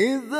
إذا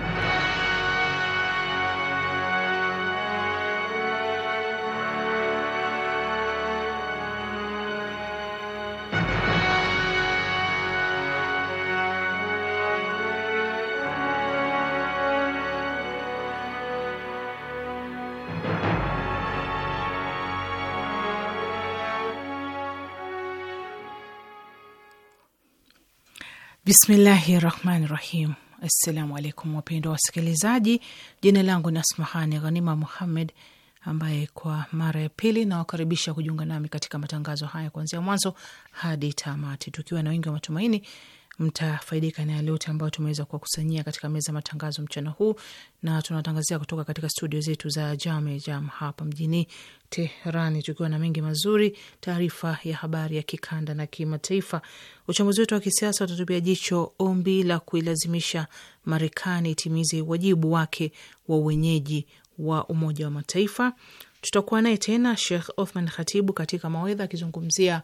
Bismillahi rahmani rahim. Assalamu alaikum wapendo wa wasikilizaji, jina langu ni Asmahani Ghanima Muhammed, ambaye kwa mara ya pili nawakaribisha kujiunga nami katika matangazo haya kuanzia mwanzo hadi tamati, tukiwa na wingi wa matumaini mtafaidika na yaleyote ambayo tumeweza kuwakusanyia katika meza matangazo mchana huu, na tunatangazia kutoka katika studio zetu za Jame Jam hapa mjini Teherani, tukiwa na mengi mazuri, taarifa ya habari ya kikanda na kimataifa. Uchambuzi wetu wa kisiasa utatupia jicho ombi la kuilazimisha Marekani itimize wajibu wake wa uwenyeji wa Umoja wa Mataifa. Tutakuwa naye tena Sheikh Othman Khatibu katika mawedha akizungumzia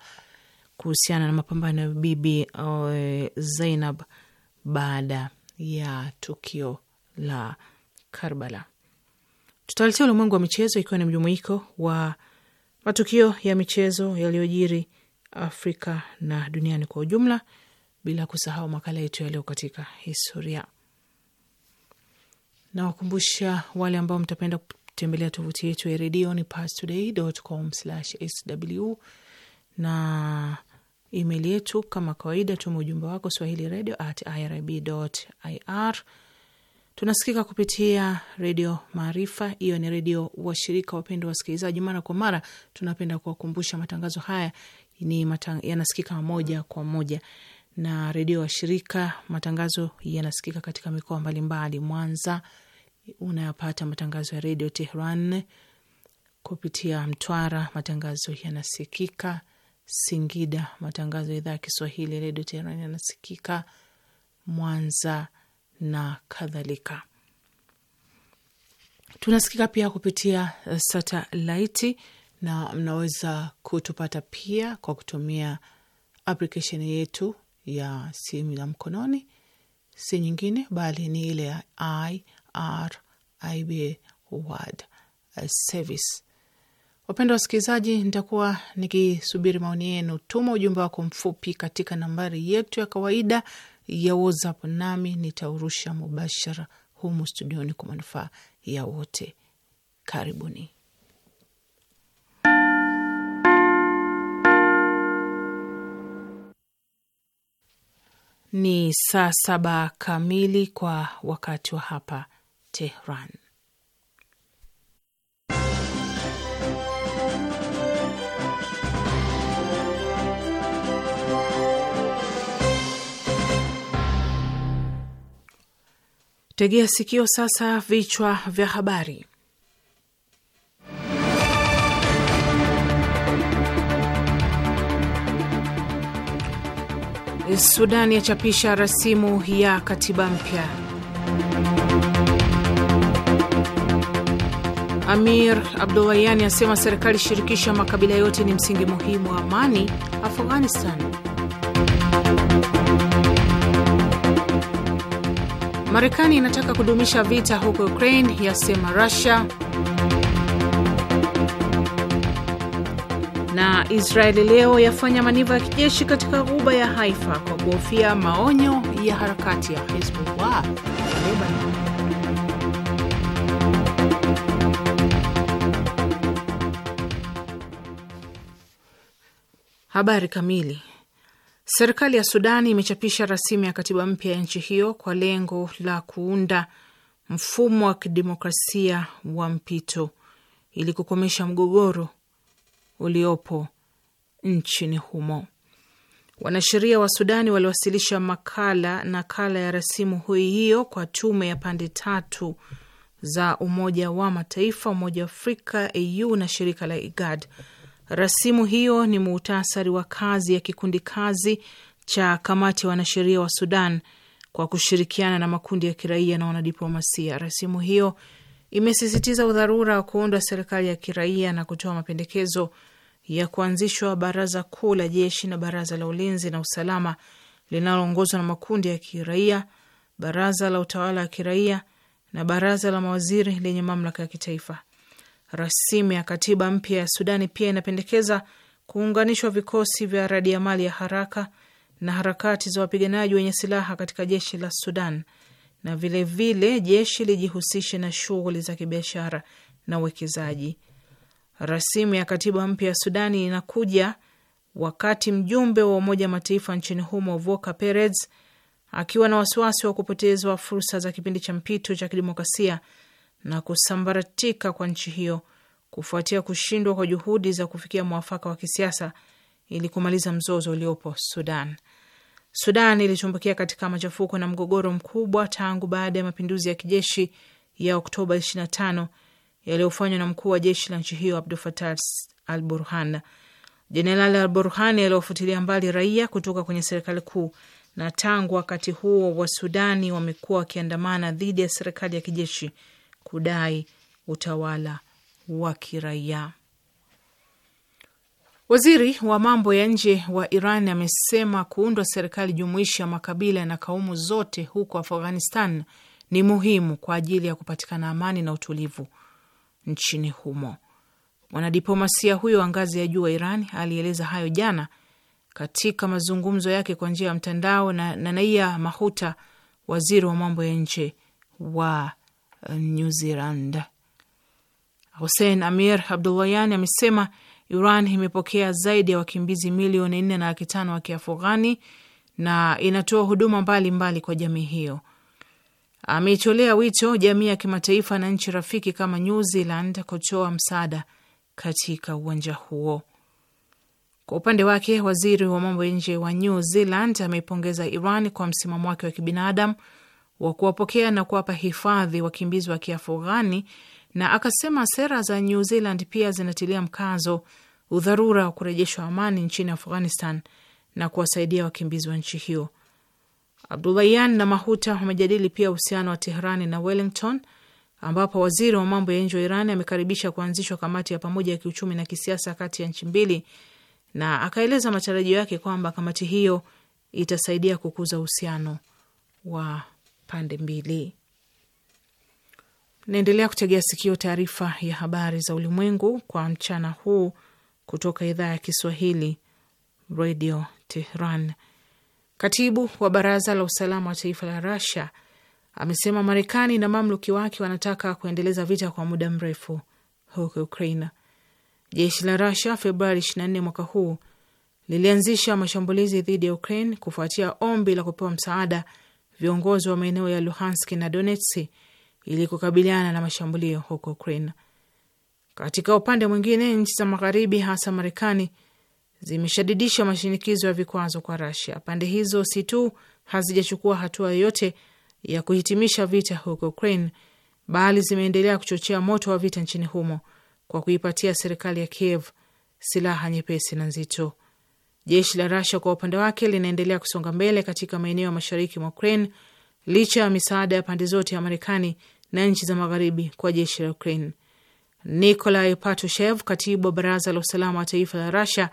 kuhusiana na mapambano ya Bibi eh, Zainab baada ya tukio la Karbala. Tutawaletea ulimwengu wa michezo, ikiwa ni mjumuiko wa matukio ya michezo yaliyojiri Afrika na duniani kwa ujumla, bila kusahau makala yetu yaliyo katika historia. Nawakumbusha wale ambao mtapenda kutembelea tovuti yetu ya redio ni pastoday.com/sw na Email yetu kama kawaida, tuma ujumbe wako swahili radio at irib ir. Tunasikika kupitia Redio Maarifa, hiyo ni redio washirika. Wapendwa wasikilizaji, mara kwa mara tunapenda kuwakumbusha matangazo haya ni matang yanasikika moja kwa moja na redio washirika. Matangazo yanasikika katika mikoa mbalimbali. Mwanza unayapata matangazo ya redio Tehran, kupitia Mtwara matangazo yanasikika Singida. Matangazo ya idhaa ya Kiswahili redio Teherani yanasikika Mwanza na kadhalika. Tunasikika pia kupitia eh, satelaiti na mnaweza kutupata pia kwa kutumia aplikesheni yetu ya simu ya mkononi, si nyingine bali ni ile ya IRIB World Service. Wapendwa wasikilizaji, nitakuwa nikisubiri maoni yenu. Tuma ujumbe wako mfupi katika nambari yetu ya kawaida ya WhatsApp, nami nitaurusha mubashara humu studioni kwa manufaa ya wote. Karibuni. Ni saa saba kamili kwa wakati wa hapa Tehran. Tegea sikio sasa, vichwa vya habari. Sudani yachapisha rasimu ya katiba mpya. Amir Abdulayani asema serikali shirikisho ya makabila yote ni msingi muhimu wa amani Afghanistan. Marekani inataka kudumisha vita huko Ukraine, yasema Russia. Na Israeli leo yafanya maniva ya kijeshi katika ghuba ya Haifa kwa kuhofia maonyo ya harakati ya Hezbollah. Habari kamili Serikali ya Sudani imechapisha rasimu ya katiba mpya ya nchi hiyo kwa lengo la kuunda mfumo wa kidemokrasia wa mpito ili kukomesha mgogoro uliopo nchini humo. Wanasheria wa Sudani waliwasilisha makala nakala ya rasimu hii hiyo kwa tume ya pande tatu za Umoja wa Mataifa, Umoja wa Afrika, AU na shirika la IGAD Rasimu hiyo ni muhtasari wa kazi ya kikundi kazi cha kamati ya wanasheria wa Sudan kwa kushirikiana na makundi ya kiraia na wanadiplomasia. Rasimu hiyo imesisitiza udharura wa kuundwa serikali ya kiraia na kutoa mapendekezo ya kuanzishwa baraza kuu la jeshi na baraza la ulinzi na usalama linaloongozwa na makundi ya kiraia, baraza la utawala wa kiraia na baraza la mawaziri lenye mamlaka ya kitaifa. Rasimu ya katiba mpya ya Sudani pia inapendekeza kuunganishwa vikosi vya radiamali ya haraka na harakati za wapiganaji wenye silaha katika jeshi la Sudan na vilevile vile jeshi lijihusishe na shughuli za kibiashara na uwekezaji. Rasimu ya katiba mpya ya Sudani inakuja wakati mjumbe wa Umoja Mataifa nchini humo Voka Perez akiwa na wasiwasi wa kupotezwa fursa za kipindi cha mpito cha kidemokrasia na kusambaratika kwa nchi hiyo kufuatia kushindwa kwa juhudi za kufikia mwafaka wa kisiasa ili kumaliza mzozo uliopo Sudan. Sudan ilitumbukia katika machafuko na mgogoro mkubwa tangu baada ya mapinduzi ya kijeshi ya Oktoba 25 yaliyofanywa na mkuu wa jeshi la nchi hiyo Abdul Fatah al Burhan. Jenerali al Burhan aliwafutilia mbali raia kutoka kwenye serikali kuu, na tangu wakati huo Wasudani wamekuwa wakiandamana dhidi ya serikali ya kijeshi kudai utawala wa kiraia. Waziri wa mambo ya nje wa Iran amesema kuundwa serikali jumuishi ya makabila na kaumu zote huko Afghanistan ni muhimu kwa ajili ya kupatikana amani na utulivu nchini humo. Mwanadiplomasia huyo wa ngazi ya juu wa Iran alieleza hayo jana katika mazungumzo yake kwa njia ya mtandao na Naia Mahuta, waziri wa mambo ya nje wa New Zealand. Hussein Amir Abdullayan amesema Iran imepokea zaidi ya wakimbizi milioni nne na laki tano wa kiafughani na inatoa huduma mbalimbali mbali kwa jamii hiyo. Ameitolea wito jamii ya kimataifa na nchi rafiki kama New Zealand kutoa msaada katika uwanja huo. Kwa upande wake, waziri wa mambo ya nje wa New Zealand ameipongeza Iran kwa msimamo wake wa kibinadamu wa kuwapokea na kuwapa hifadhi wakimbizi wa Kiafughani, na akasema sera za New Zealand pia zinatilia mkazo udharura wa kurejeshwa amani nchini Afghanistan na kuwasaidia wakimbizi wa nchi hiyo. Abdullahian na Mahuta wamejadili pia uhusiano wa Teherani na Wellington, ambapo waziri wa mambo ya nje wa Iran amekaribisha kuanzishwa kamati ya pamoja ya kiuchumi na kisiasa kati ya nchi mbili, na akaeleza matarajio yake kwamba kamati hiyo itasaidia kukuza uhusiano wa pande mbili. Naendelea kutegea sikio taarifa ya habari za ulimwengu kwa mchana huu kutoka idhaa ya Kiswahili Radio Tehran. Katibu wa baraza la usalama wa taifa la Rasia amesema Marekani na mamluki wake wanataka kuendeleza vita kwa muda mrefu huko Ukraina. Jeshi la Rasia Februari 24 mwaka huu lilianzisha mashambulizi dhidi ya Ukraine kufuatia ombi la kupewa msaada viongozi wa maeneo ya Luhanski na Donetski ili kukabiliana na mashambulio huko Ukraine. Katika upande mwingine, nchi za Magharibi, hasa Marekani, zimeshadidisha mashinikizo ya vikwazo kwa Rasia. Pande hizo si tu hazijachukua hatua yoyote ya kuhitimisha vita huko Ukraine, bali zimeendelea kuchochea moto wa vita nchini humo kwa kuipatia serikali ya Kiev silaha nyepesi na nzito. Jeshi la Rasia kwa upande wake linaendelea kusonga mbele katika maeneo ya mashariki mwa Ukraine licha ya misaada ya pande zote ya Marekani na nchi za magharibi kwa jeshi la Ukraine. Nikolai Patrushev, katibu wa baraza la usalama wa taifa la Rasia,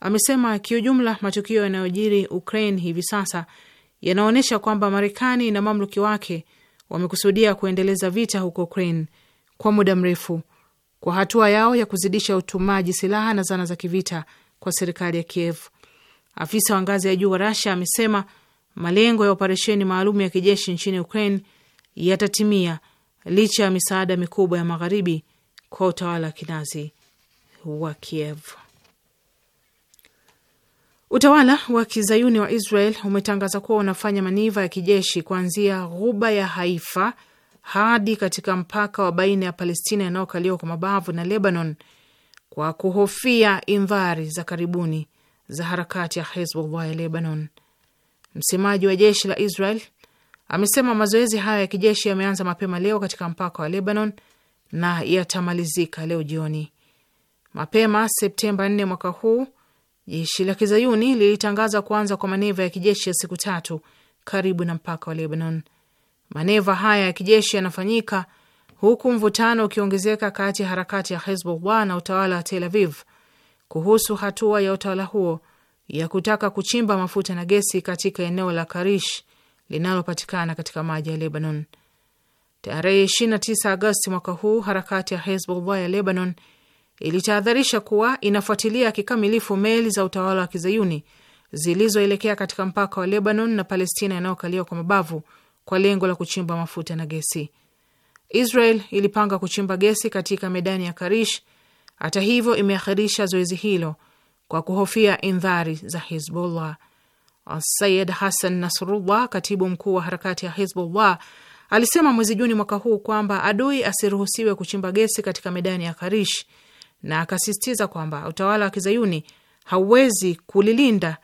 amesema kiujumla, matukio yanayojiri Ukraine hivi sasa yanaonyesha kwamba Marekani na mamluki wake wamekusudia kuendeleza vita huko Ukraine kwa muda mrefu kwa hatua yao ya kuzidisha utumaji silaha na zana za kivita kwa serikali ya Kiev. Afisa wa ngazi ya juu wa Rasia amesema malengo ya operesheni maalum ya kijeshi nchini Ukraine yatatimia licha ya misaada mikubwa ya magharibi kwa utawala wa kinazi wa Kiev. Utawala wa kizayuni wa Israel umetangaza kuwa unafanya maniva ya kijeshi kuanzia ghuba ya Haifa hadi katika mpaka wa baina ya Palestina yanayokaliwa kwa mabavu na Lebanon kwa kuhofia imvari za karibuni za harakati ya Hezbollah ya Lebanon. Msemaji wa jeshi la Israel amesema mazoezi hayo ya kijeshi yameanza mapema leo katika mpaka wa Lebanon na yatamalizika leo jioni. Mapema Septemba 4 mwaka huu, jeshi la kizayuni lilitangaza kuanza kwa maneva ya kijeshi ya siku tatu karibu na mpaka wa Lebanon. Maneva haya ya kijeshi yanafanyika huku mvutano ukiongezeka kati ya harakati ya Hezbollah na utawala wa Tel Aviv kuhusu hatua ya utawala huo ya kutaka kuchimba mafuta na gesi katika eneo la Karish linalopatikana katika maji ya Lebanon. Tarehe 29 Agosti mwaka huu, harakati ya Hezbollah ya Lebanon ilitahadharisha kuwa inafuatilia kikamilifu meli za utawala wa kizayuni zilizoelekea katika mpaka wa Lebanon na Palestina yanayokaliwa kwa mabavu kwa lengo la kuchimba mafuta na gesi. Israel ilipanga kuchimba gesi katika medani ya Karish. Hata hivyo, imeakhirisha zoezi hilo kwa kuhofia indhari za Hizbullah. Sayid Hassan Nasrullah, katibu mkuu wa harakati ya Hizbullah, alisema mwezi Juni mwaka huu kwamba adui asiruhusiwe kuchimba gesi katika medani ya Karish, na akasisitiza kwamba utawala wa kizayuni hauwezi kulilinda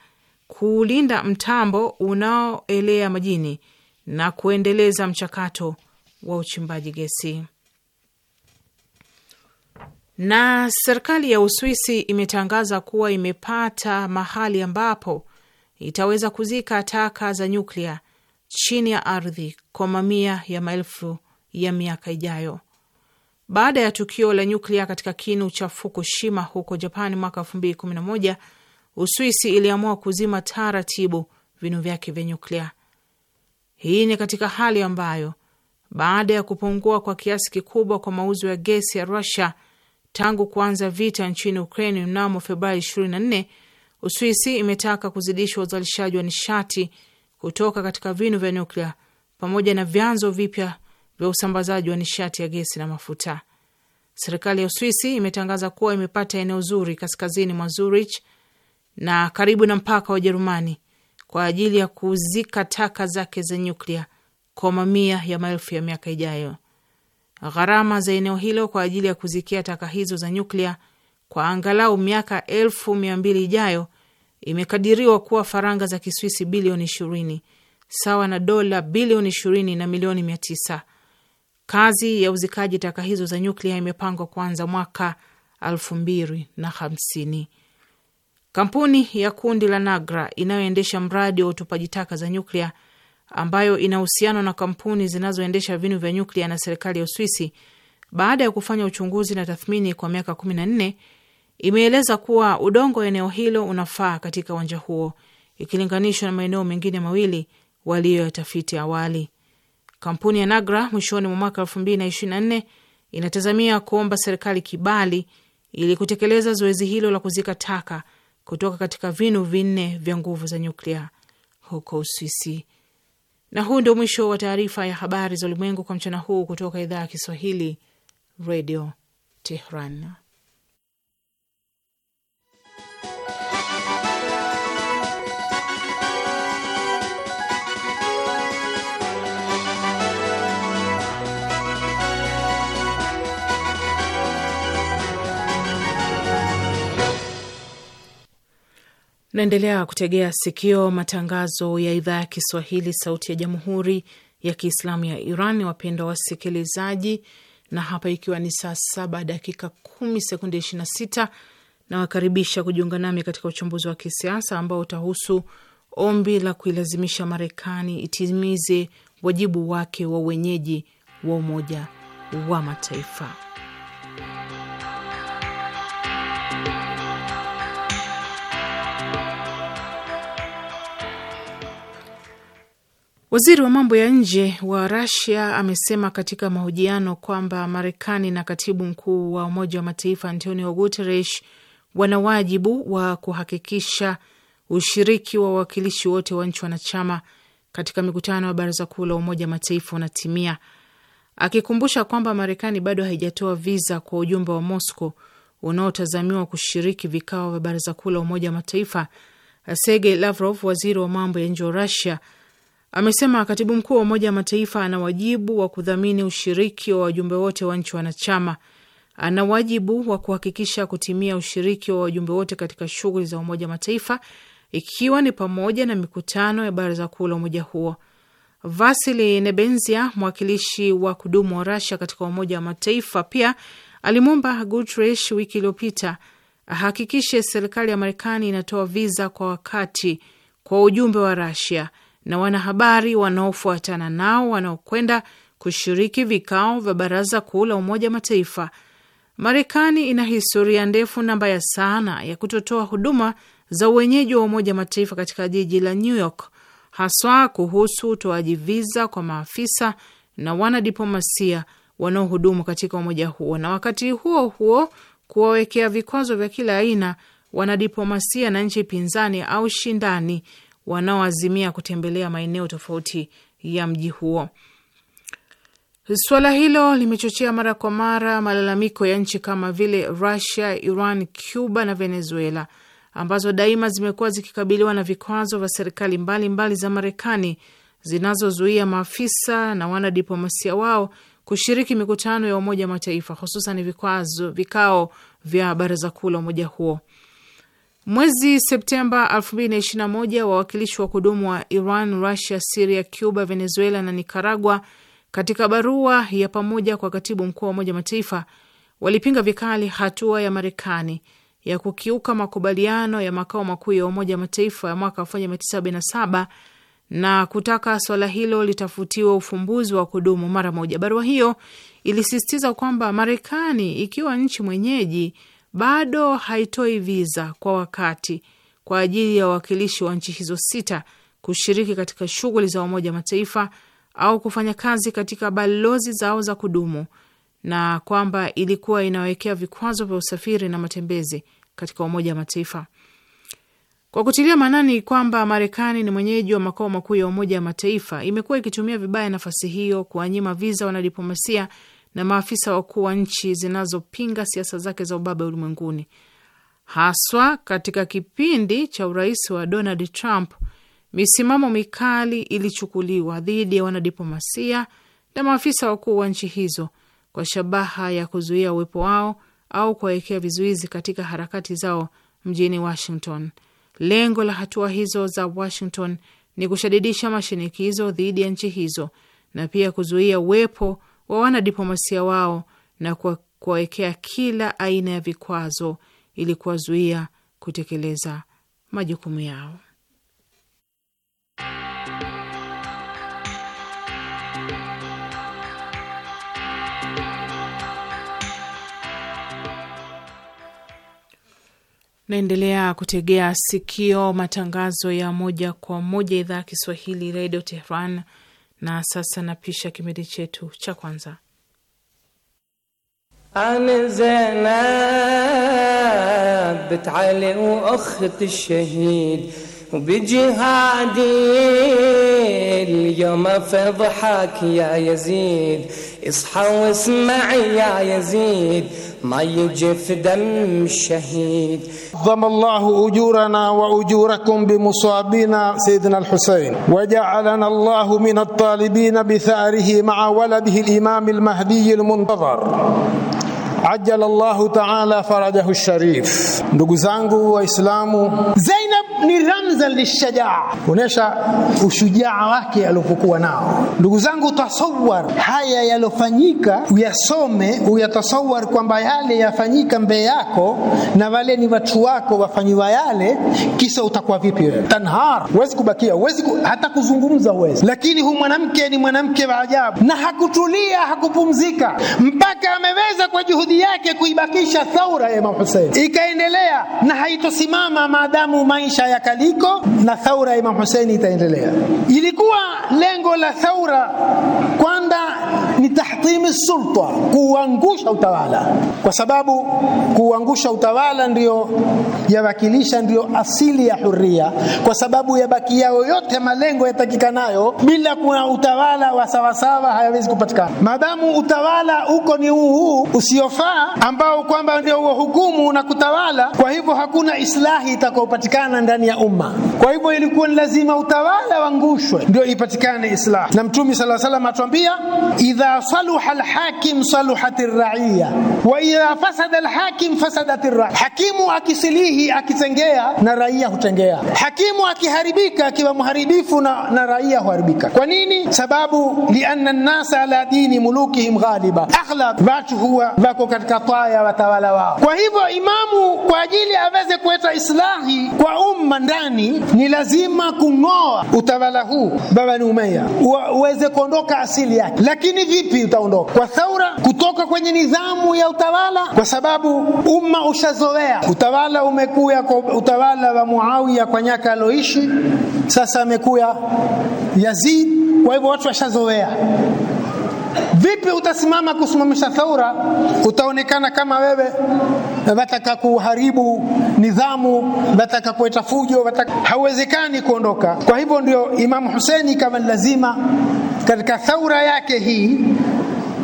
kuulinda mtambo unaoelea majini na kuendeleza mchakato wa uchimbaji gesi. Na serikali ya Uswisi imetangaza kuwa imepata mahali ambapo itaweza kuzika taka za nyuklia chini ya ardhi kwa mamia ya maelfu ya miaka ijayo. Baada ya tukio la nyuklia katika kinu cha Fukushima huko japani mwaka moja, Uswisi iliamua kuzima taratibu vinu vyake vya nyuklia. Hii ni katika hali ambayo baada ya kupungua kwa kiasi kikubwa kwa mauzo ya gesi ya Rusia tangu kuanza vita nchini ukraini mnamo Februari 24, Uswisi imetaka kuzidishwa uzalishaji wa nishati kutoka katika vinu vya nyuklia pamoja na vyanzo vipya vya usambazaji wa nishati ya gesi na mafuta. Serikali ya Uswisi imetangaza kuwa imepata eneo zuri kaskazini mwa Zurich na karibu na mpaka wa Ujerumani kwa ajili ya kuzika taka zake za nyuklia kwa mamia ya maelfu ya miaka ijayo. Gharama za eneo hilo kwa ajili ya kuzikia taka hizo za nyuklia kwa angalau miaka elfu mia mbili ijayo imekadiriwa kuwa faranga za Kiswisi bilioni ishirini sawa na dola bilioni ishirini na milioni mia tisa. Kazi ya uzikaji taka hizo za nyuklia imepangwa kuanza mwaka elfu mbili na hamsini. Kampuni ya kundi la Nagra inayoendesha mradi wa utupaji taka za nyuklia ambayo ina uhusiano na kampuni zinazoendesha vinu vya nyuklia na serikali ya Uswisi, baada ya kufanya uchunguzi na tathmini kwa miaka 14 imeeleza kuwa udongo wa eneo hilo unafaa katika uwanja huo ikilinganishwa na maeneo mengine mawili waliyoyatafiti awali. Kampuni ya Nagra mwishoni mwa mwaka 2024 inatazamia kuomba serikali kibali ili kutekeleza zoezi hilo la kuzika taka kutoka katika vinu vinne vya nguvu za nyuklia huko Uswisi. Na huu ndio mwisho wa taarifa ya habari za ulimwengu kwa mchana huu kutoka idhaa ya Kiswahili, Radio Tehran. Naendelea kutegea sikio matangazo ya idhaa ya Kiswahili, sauti ya jamhuri ya kiislamu ya Iran. Wapendwa wasikilizaji, na hapa ikiwa ni saa saba dakika kumi sekunde ishirini na sita nawakaribisha kujiunga nami katika uchambuzi wa kisiasa ambao utahusu ombi la kuilazimisha Marekani itimize wajibu wake wa wenyeji wa Umoja wa Mataifa. Waziri wa mambo ya nje wa Rasia amesema katika mahojiano kwamba Marekani na katibu mkuu wa Umoja wa Mataifa Antonio Guterres wana wajibu wa kuhakikisha ushiriki wa wawakilishi wote wa nchi wanachama katika mikutano ya Baraza Kuu la Umoja wa Mataifa unatimia, akikumbusha kwamba Marekani bado haijatoa viza kwa ujumbe wa Moscow unaotazamiwa kushiriki vikao vya Baraza Kuu la Umoja wa Mataifa. Sergey Lavrov, waziri wa mambo ya nje wa Rasia, Amesema katibu mkuu wa Umoja wa Mataifa ana wajibu wa kudhamini ushiriki wa wajumbe wote wa nchi wanachama. Ana wajibu wa kuhakikisha kutimia ushiriki wa wajumbe wote katika shughuli za Umoja wa Mataifa, ikiwa ni pamoja na mikutano ya baraza kuu la umoja huo. Vasili Nebenzia, mwakilishi wa kudumu wa Rasia katika Umoja wa Mataifa, pia alimwomba Guterres wiki iliyopita ahakikishe serikali ya Marekani inatoa viza kwa wakati kwa ujumbe wa Rasia na wanahabari wanaofuatana nao wanaokwenda kushiriki vikao vya Baraza Kuu la Umoja wa Mataifa. Marekani ina historia ndefu na mbaya sana ya kutotoa huduma za uwenyeji wa Umoja wa Mataifa katika jiji la New York, haswa kuhusu utoaji viza kwa maafisa na wanadiplomasia wanaohudumu katika umoja huo, na wakati huo huo kuwawekea vikwazo vya kila aina wanadiplomasia na nchi pinzani au shindani wanaoazimia kutembelea maeneo tofauti ya mji huo. Suala hilo limechochea mara kwa mara malalamiko ya nchi kama vile Rusia, Iran, Cuba na Venezuela ambazo daima zimekuwa zikikabiliwa na vikwazo vya serikali mbalimbali za Marekani zinazozuia maafisa na wanadiplomasia wao kushiriki mikutano ya Umoja wa Mataifa, hususan vikwazo vikao vya baraza kuu la umoja huo. Mwezi Septemba 2021 wawakilishi wa kudumu wa Iran, Russia, Siria, Cuba, Venezuela na Nicaragua katika barua ya pamoja kwa katibu mkuu wa Umoja Mataifa walipinga vikali hatua ya Marekani ya kukiuka makubaliano ya makao makuu ya Umoja Mataifa ya mwaka 1977 na kutaka swala hilo litafutiwa ufumbuzi wa kudumu mara moja. Barua hiyo ilisisitiza kwamba Marekani ikiwa nchi mwenyeji bado haitoi viza kwa wakati kwa ajili ya wawakilishi wa nchi hizo sita kushiriki katika shughuli za Umoja wa Mataifa au kufanya kazi katika balozi zao za kudumu, na kwamba ilikuwa inawekea vikwazo vya usafiri na matembezi katika Umoja wa Mataifa kwa kutilia maanani kwamba Marekani ni mwenyeji wa makao makuu ya Umoja wa Mataifa, imekuwa ikitumia vibaya nafasi hiyo kuwanyima viza wanadiplomasia na maafisa wakuu wa nchi zinazopinga siasa zake za ubabe ulimwenguni, haswa katika kipindi cha urais wa Donald Trump. Misimamo mikali ilichukuliwa dhidi ya wanadiplomasia na maafisa wakuu wa nchi hizo kwa shabaha ya kuzuia uwepo wao au kuwawekea vizuizi katika harakati zao mjini Washington. Lengo la hatua hizo za Washington ni kushadidisha mashinikizo dhidi ya nchi hizo na pia kuzuia uwepo wa wanadiplomasia wao na kuwawekea kila aina ya vikwazo ili kuwazuia kutekeleza majukumu yao. Naendelea kutegea sikio matangazo ya moja kwa moja idhaa ya Kiswahili redio Tehran Na sasa napisha kimedi chetu cha kwanza عن زينب بنت علي واخت الشهيد وبجهادي اليوم فضحك يا يزيد اصحى واسمع يا يزيد ما يجف دم الشهيد ضم الله أجورنا وأجوركم بمصابينا سيدنا الحسين وجعلنا الله من الطالبين بثاره مع ولده الإمام المهدي المنتظر ajala Allahu taala farajahu sharif. Ndugu zangu Waislamu, Zainab ni ramza lishajaa, kuonyesha ushujaa wake aliopokuwa nao. Ndugu zangu, tasawar haya yalofanyika, uyasome uyatasawar, kwamba yale yafanyika mbele yako na wale ni watu wako wafanyiwa yale, kisa utakuwa vipi wewe? Tanhar, huwezi kubakia, huwezi ku, hata kuzungumza huwezi. Lakini huyu mwanamke ni mwanamke wa ajabu, na hakutulia hakupumzika mpaka ameweza kwa juhudi hadhi yake kuibakisha thaura ya Imam Hussein ikaendelea na haitosimama maadamu maisha ya kaliko na thaura ya Imam Hussein itaendelea. Ilikuwa lengo la thaura kwanda ni tahtimi sulta, kuuangusha utawala, kwa sababu kuuangusha utawala ndio yawakilisha, ndiyo asili ya huria, kwa sababu yao yote malengo yatakikanayo bila kuna utawala wa sawasawa hayawezi kupatikana. madamu utawala uko ni huu huu usiofaa, ambao kwamba ndio hukumu na kutawala, kwa hivyo hakuna islahi itakayopatikana ndani ya umma. Kwa hivyo ilikuwa ni lazima utawala wangushwe ndio ipatikane islahi, na Mtume sala alaihi atuambia idha idha saluha alhakim saluhat arraiya wa idha fasada alhakim fasadat arraiya, hakimu akisilihi akitengea na raia hutengea. Hakimu akiharibika akiwa mharibifu na, na raia huharibika. Kwa nini? Sababu lianna nnasa ala dini mulukihim ghaliba, aghlab watu huwa wako katika taa ya watawala wao. Kwa hivyo imamu kwa ajili aweze kuleta islahi kwa umma ndani, ni lazima kung'oa utawala huu Bani Umayya uweze kuondoka asili yake, lakini vipi utaondoka kwa thaura, kutoka kwenye nidhamu ya utawala, kwa sababu umma ushazoea utawala. Umekuya kwa utawala wa Muawiya kwa nyaka aloishi, sasa amekuya Yazid, kwa hivyo watu washazoea Vipi utasimama kusimamisha thaura? Utaonekana kama wewe wataka kuharibu nidhamu, wataka kuleta fujo, wataka... hauwezekani kuondoka. Kwa hivyo ndio Imamu huseni kama lazima katika thaura yake hii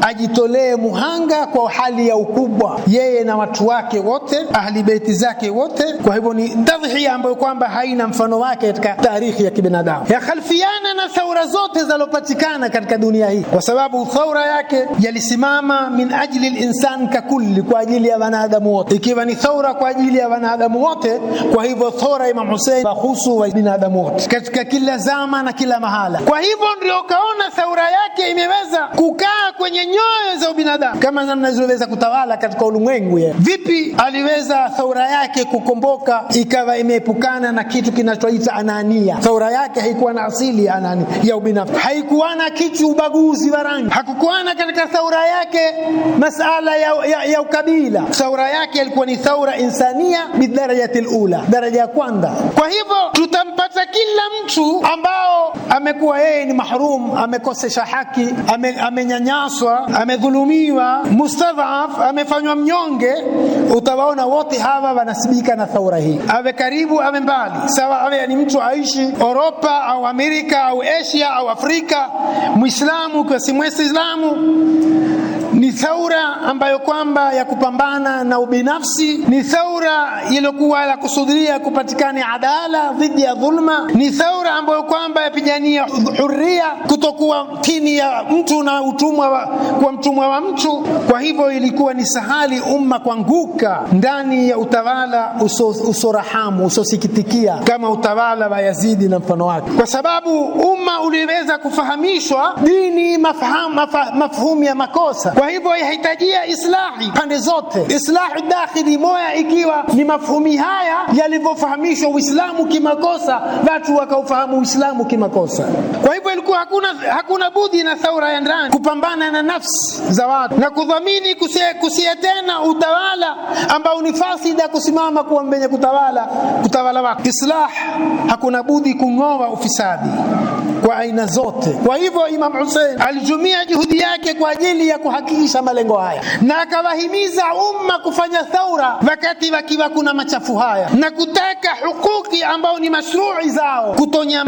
ajitolee muhanga kwa hali ya ukubwa, yeye na watu wake wote, ahli beiti zake wote. Kwa hivyo ni tadhhiya ambayo kwamba haina mfano wake katika tarikhi ya kibinadamu, khalfiana na thaura zote zalopatikana katika dunia hii, kwa sababu thaura yake yalisimama min ajli linsan kakulli, kwa ajili ya wanadamu wote, ikiwa ni thaura kwa ajili ya wanadamu wote. Kwa hivyo thaura Imam Hussein wahusu wa binadamu wote katika kila zama na kila mahala. Kwa hivyo ndio kaona thaura yake imeweza kukaa kwenye nyoyo za ubinadamu, kama namna zilizoweza kutawala katika ulimwengu. Yeye vipi aliweza thaura yake kukomboka ikawa imeepukana na kitu kinachoita anania? Thaura yake haikuwa na asili ya anani ya ubinafsi, haikuwa na kitu ubaguzi wa rangi, hakukuwa na katika thaura yake masala ya, ya, ya ukabila. Thaura yake alikuwa ni thaura insania bidarajati alula, daraja ya kwanza. Kwa hivyo tutampata kila mtu ambao amekuwa yeye ni mahrum, amekosesha haki, amenyanyaswa, amedhulumiwa, mustadhaf, amefanywa mnyonge, utawaona wote hawa wanasibika na thaura hii, awe karibu awe mbali, sawa awe ni mtu aishi Europa au Amerika au Asia au Afrika, Muislamu kwa si Muislamu ni thaura ambayo kwamba ya kupambana na ubinafsi, ni thaura iliyokuwa ya kusudiria kupatikana adala dhidi ya dhulma, ni thaura ambayo kwamba yapigania huria, kutokuwa chini ya mtu na utumwa wa, kwa mtumwa wa mtu. Kwa hivyo ilikuwa ni sahali umma kuanguka ndani ya utawala usorahamu uso usiosikitikia kama utawala wa Yazidi na mfano wake, kwa sababu umma uliweza kufahamishwa dini mafahamu, mafahamu, ya makosa kwa hivyo yahitajia islahi pande zote, islahi dakhili, moya ikiwa ni mafhumi haya yalivyofahamishwa Uislamu kimakosa, watu wakaufahamu Uislamu kimakosa. Kwa hivyo ilikuwa hakuna, hakuna budi na thaura ya ndani kupambana na nafsi za watu na kudhamini kusia tena utawala ambao ni fasida kusimama kuwa mwenye kutawala kutawala wako. Islah hakuna budi kung'oa ufisadi kwa aina zote. Kwa hivyo Imam Hussein alitumia juhudi yake kwa ajili ya kuhakikisha malengo haya, na akawahimiza umma kufanya thaura wakati wakiwa kuna machafu haya, na kutaka hukuki ambao ni mashrui zao,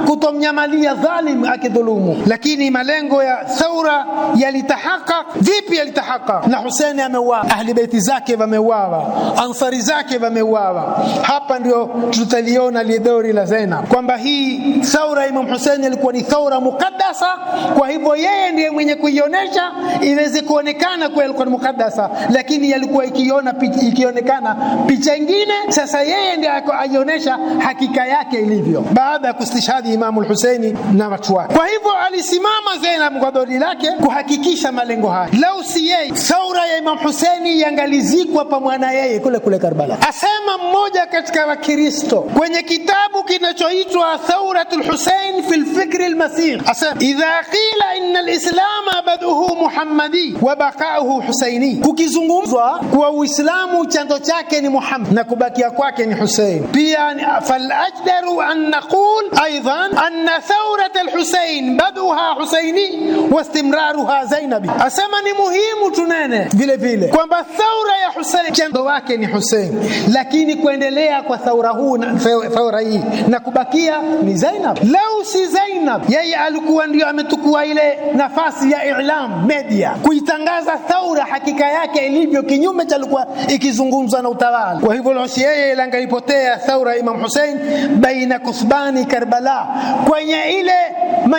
kutomnyamalia dhalim akidhulumu. Lakini malengo ya thaura yalitahakak vipi? Yalitahakak na Hussein ameuawa, ahli baiti zake wameuawa, ansari zake wameuawa. Hapa ndio tutaliona liedori la Zainab kwamba hii thaura Imam Hussein alikuwa ni Taura mukaddasa. Kwa hivyo yeye ndiye mwenye kuionyesha iweze kuonekana kwa Alquran mukaddasa, lakini yalikuwa ikiona ikionekana picha nyingine. Sasa yeye ndiye aionyesha hakika yake ilivyo, baada ya kustishhadi Imamu Husaini na watu wake. Kwa hivyo alisimama Zainab kwa dori lake kuhakikisha malengo haya. Lau si yeye, saura ya Imamu Husaini yangalizikwa mwana yeye kule kule Karbala. Asema mmoja katika Wakristo kwenye kitabu kinachoitwa Thauratul Husain fil fikri Masih asema idha qila inna lislama baduhu muhammadi wa baqauhu husaini, kukizungumzwa kuwa Uislamu chanzo chake ni Muhammad na kubakia kwake ni Husain. Pia fal ajdaru an naqul aidan anna thawrat al baduha husaini wa istimraruha zainabi, asema ni muhimu tunene vile vile kwamba thawra ya Husain chanzo wake ni Husain, lakini kuendelea kwa thawra huu na thawra hii na kubakia ni Zainab. Lau si Zainab yeye alikuwa ndio ametukua ile nafasi ya ilam media kuitangaza thaura hakika yake ilivyo, kinyume cha alikuwa ikizungumzwa na utawala. Kwa hivyo loshi yeye langaipotea angaipotea thaura Imam Hussein baina kusbani Karbala, kwenye ile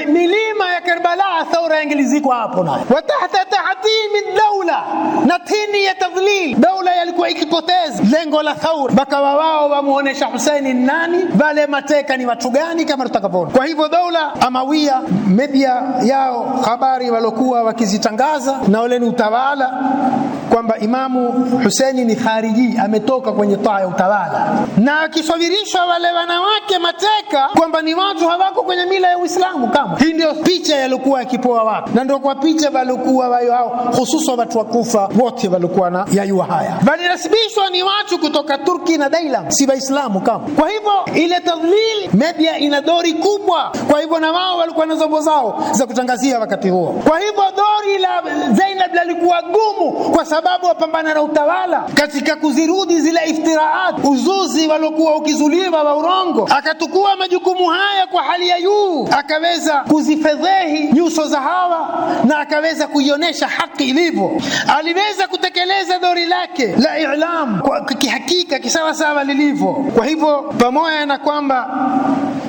milima ya Karbala thaura ingilizikwa hapo, nayo wa tahta tahtimi daula, na tini ya tadhlil daula yalikuwa ikipoteza lengo la thaura, bakawa wao wamuonesha Hussein nani, wale mateka ni watu gani, kama tutakavyoona. Kwa hivyo daula ama Umawia, media yao habari walokuwa wakizitangaza na ule ni utawala kwamba Imamu huseni ni khariji, ametoka kwenye taa ya utawala, na akisawirishwa wale wanawake mateka kwamba ni watu hawako kwenye mila ya Uislamu kama hii. Ndio picha yalikuwa yakipoa watu, na ndio kwa picha walikuwa wayo hao, hususan watu wa Kufa wote walikuwa na yayua haya, bali ni watu kutoka Turki na Dailam, si Waislamu kama. Kwa hivyo ile tadlili media ina dori kubwa, kwa hivyo na wao walikuwa na zombo zao za kutangazia wakati huo. Kwa hivyo dori la Zainab lalikuwa gumu kwa sababu sababu wapambana na utawala katika kuzirudi zile iftiraat, uzuzi waliokuwa ukizuliwa wa urongo. Akatukua majukumu haya kwa hali ya juu, akaweza kuzifedhehi nyuso za hawa na akaweza kuionyesha haki ilivyo. Aliweza kutekeleza dori lake la ilamu kwa kihakika kisawasawa lilivyo. Kwa hivyo pamoja na kwamba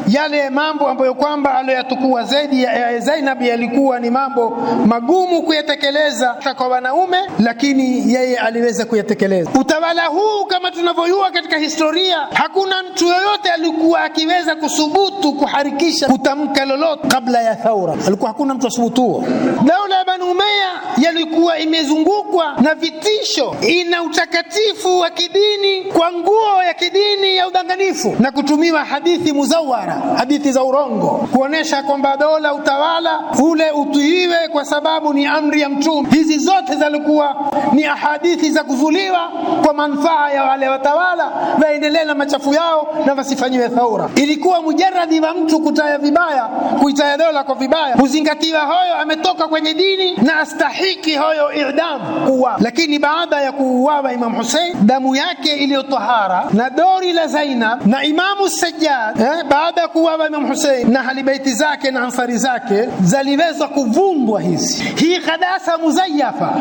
yale mambo ambayo kwamba aliyotukua zaidi ya Zainab yalikuwa ni mambo magumu kuyatekeleza kwa wanaume, lakini lakini yeye aliweza kuyatekeleza. Utawala huu kama tunavyojua katika historia, hakuna mtu yoyote alikuwa akiweza kusubutu kuharikisha kutamka lolote kabla ya thaura, alikuwa hakuna mtu asubutuo. Daula ya banu Umayya yalikuwa imezungukwa na vitisho, ina utakatifu wa kidini kwa nguo ya kidini ya udanganifu na kutumiwa hadithi muzawara, hadithi za urongo kuonesha kwamba dola, utawala ule utuiwe kwa sababu ni amri ya mtume. Hizi zote zalikuwa ni ahadithi za kuvuliwa kwa manufaa ya wale watawala, waendelee na machafu yao na wasifanyiwe thaura. Ilikuwa mujaradi wa mtu kutaya vibaya, kuitaya dola kwa vibaya, kuzingatiwa hoyo ametoka kwenye dini na astahiki hoyo idamu, kuwa Lakini baada ya kuuawa Imam Hussein, damu yake iliyotahara na dori la Zainab na Imamu Sajjad eh, baada ya kuuawa Imam Hussein na halibaiti zake na ansari zake zaliweza kuvumbwa hizi hii kadasa muzayafa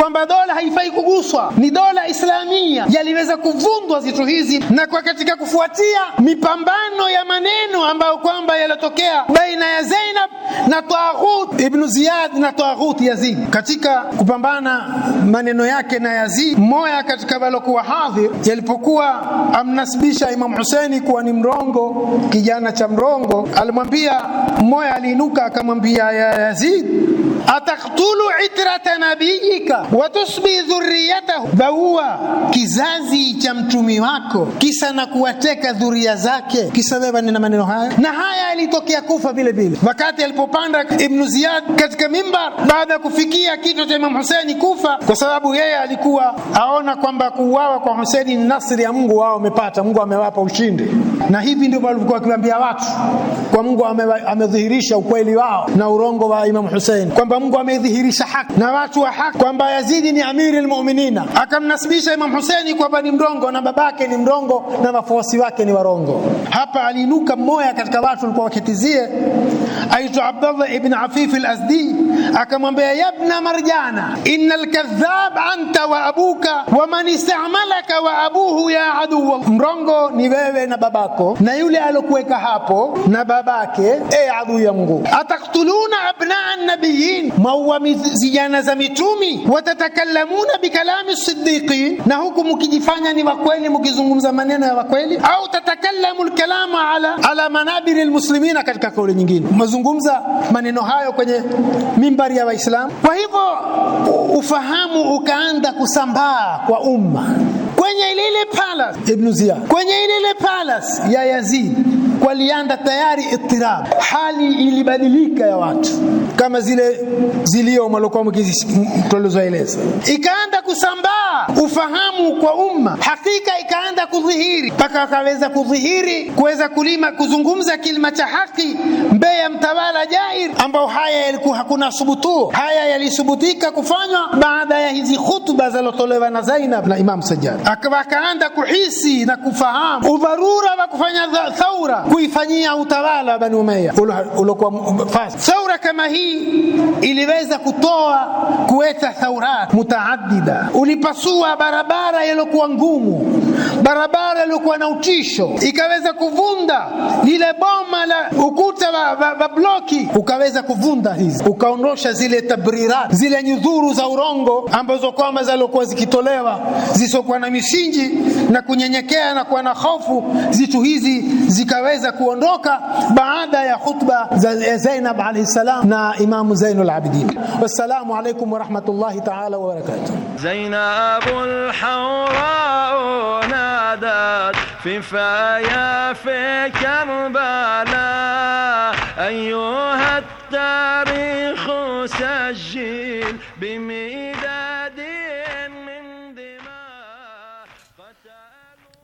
kwamba dola haifai kuguswa, ni dola Islamia. Yaliweza kuvundwa zitu hizi na kwa katika kufuatia mipambano ya maneno ambayo kwamba yalotokea baina ya Zainab na Taghut Ibn Ziyad na Taghut Yazid, katika kupambana maneno yake na Yazid, moya katika walokuwa hadhir yalipokuwa amnasibisha Imam Husaini kuwa ni mrongo, kijana cha mrongo, alimwambia moya, aliinuka akamwambia ya Yazid ataktulu itrata nabiyika watusbi dhuriyatahu, vaua kizazi cha mtumi wako, kisa na kuwateka dhuria zake. Kisa wewe nina maneno haya, na haya yalitokea Kufa vile vile, wakati alipopanda Ibnu Ziyad katika mimbar baada ya kufikia kichwa cha imamu huseni Kufa, kwa sababu yeye alikuwa aona kwamba kuuawa kwa huseni ni nasri ya Mungu, wao wamepata, Mungu amewapa ushindi. Na hivi ndivyo walivyokuwa wakiwaambia watu, kwa Mungu amedhihirisha ukweli wao na urongo wa Imam huseni kwamba kwamba Mungu ameidhihirisha haki na watu wa haki, kwamba Yazidi ni amiri lmuminina, akamnasibisha Imam Huseni kwamba ni mrongo na babake ni mrongo na mafuasi wake ni warongo. Hapa aliinuka mmoja katika watu alikuwa wakitizie, aitwa Abdullah ibn Afif al-Azdi, akamwambia yabna marjana inna alkadhab anta wa abuka wa man istamalaka wa abuhu ya aduwa, mrongo ni wewe na babako na yule alokuweka hapo na babake, e adui ya Mungu, ataktuluna abnaa nabiyin siddiqin, mauamizi jana za mitumi. Watatakallamuna bikalami siddiqin, na huku mkijifanya ni wakweli, mkizungumza maneno ya wakweli. Au tatakallamu lkalamu ala, ala manabiri lmuslimina, katika kauli nyingine mazungumza maneno hayo kwenye mimbari ya Waislamu. Kwa hivyo ufahamu ukaanza kusambaa kwa umma kwenye ile palace Ibn Ziyad, kwenye ile ile palace ya Yazid walianda tayari itirab, hali ilibadilika ya watu kama zile zilio malokuwa mkizieleza, ikaanda kusambaa ufahamu kwa umma, hakika ikaanda kudhihiri mpaka wakaweza kudhihiri kuweza kulima kuzungumza kilima cha haki mbele ya mtawala Jair, ambao haya yalikuwa hakuna subutu, haya yalisubutika kufanywa baada ya hizi hutuba zalotolewa na Zainab na Imam Sajjad, akaanda kuhisi na kufahamu udharura wa kufanya thaura kuifanyia utawala Bani Umayya uliokuwa fasi. Thaura kama hii iliweza kutoa kuweta thaurat mutaaddida, ulipasua barabara iliyokuwa ngumu, barabara iliyokuwa na utisho, ikaweza kuvunda lile boma la ukuta wa, wa, wa bloki, ukaweza kuvunda hizi, ukaondosha zile tabrirat, zile nyudhuru za urongo ambazo kwamba zalikuwa zikitolewa zisokuwa na misingi na kunyenyekea na kuwa na hofu, zitu hizi zikaweza aliweza kuondoka baada ya khutba za Zainab alayhi salam na Imam Zainul Abidin. Wassalamu alaykum wa rahmatullahi ta'ala wa barakatuh. Zainabul Hawra nadat fi في فايا في كربلاء أيها التاريخ سجل بمئة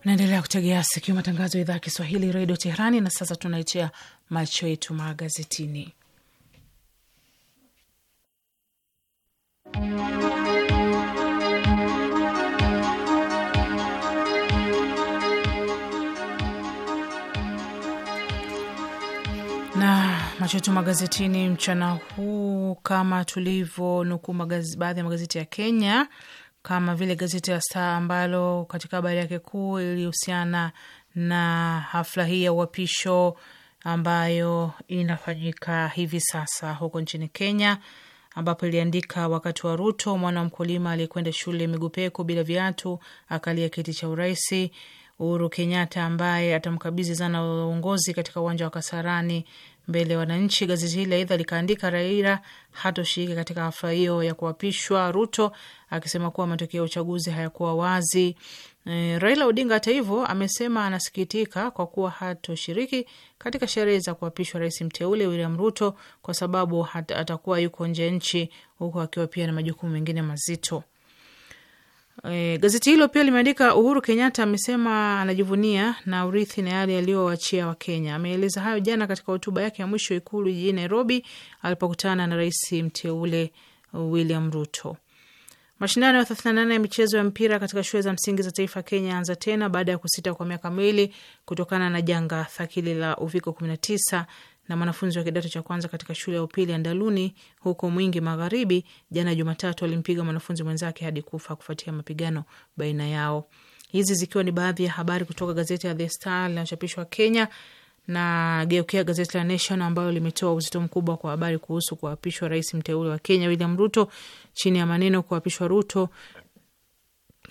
Naendelea kutegea sikio matangazo ya idhaa ya Kiswahili redio Teherani. Na sasa tunaitia macho yetu magazetini. Na macho yetu magazetini mchana huu, kama nukuu baadhi ya magazeti ya Kenya kama vile gazeti la Star ambalo katika habari yake kuu ilihusiana na hafla hii ya uapisho ambayo inafanyika hivi sasa huko nchini Kenya, ambapo iliandika wakati wa Ruto, mwana wa mkulima aliyekwenda shule miguu peku bila viatu akalia kiti cha uraisi. Uhuru Kenyatta ambaye atamkabidhi zana uongozi katika uwanja wa Kasarani mbele ya wananchi. Gazeti hili aidha likaandika, Raila hatoshiriki katika hafla hiyo ya kuapishwa, Ruto akisema kuwa matokeo ya uchaguzi hayakuwa wazi. E, Raila Odinga hata hivyo amesema anasikitika kwa kuwa hatoshiriki katika sherehe za kuapishwa rais mteule William Ruto kwa sababu atakuwa yuko nje nchi huku akiwa pia na majukumu mengine mazito. E, gazeti hilo pia limeandika Uhuru Kenyatta amesema anajivunia na urithi na yale aliyowaachia Wakenya. Ameeleza hayo jana katika hotuba yake ya mwisho Ikulu jijini Nairobi alipokutana na rais mteule uh, William Ruto. Mashindano ya 38 ya michezo ya mpira katika shule za msingi za taifa Kenya yaanza tena baada ya kusita kwa miaka miwili kutokana na janga thakili la uviko 19 na mwanafunzi wa kidato cha kwanza katika shule ya upili ya Ndaluni huko Mwingi Magharibi jana Jumatatu alimpiga mwanafunzi mwenzake hadi kufa kufuatia mapigano baina yao. Hizi zikiwa ni baadhi ya habari kutoka gazeti la The Star linalochapishwa Kenya na geukia gazeti la Nation ambayo limetoa uzito mkubwa kwa habari kuhusu kuapishwa rais mteule wa Kenya William Ruto chini ya maneno kuapishwa Ruto,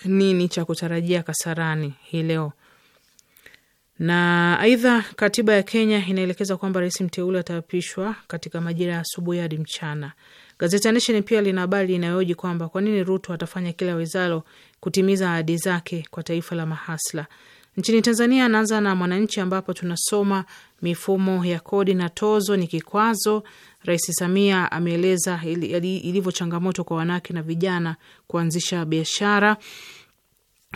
nini cha kutarajia Kasarani hii leo. Na aidha katiba ya Kenya inaelekeza kwamba rais mteule ataapishwa katika majira ya asubuhi hadi mchana. Gazeti ya Nation pia lina habari inayoji kwamba kwa nini Ruto atafanya kila wezalo kutimiza ahadi zake kwa taifa la mahasla. Nchini Tanzania anaanza na Mwananchi ambapo tunasoma mifumo ya kodi na tozo ni kikwazo. Rais Samia ameeleza ilivyo changamoto kwa wanawake na vijana kuanzisha biashara.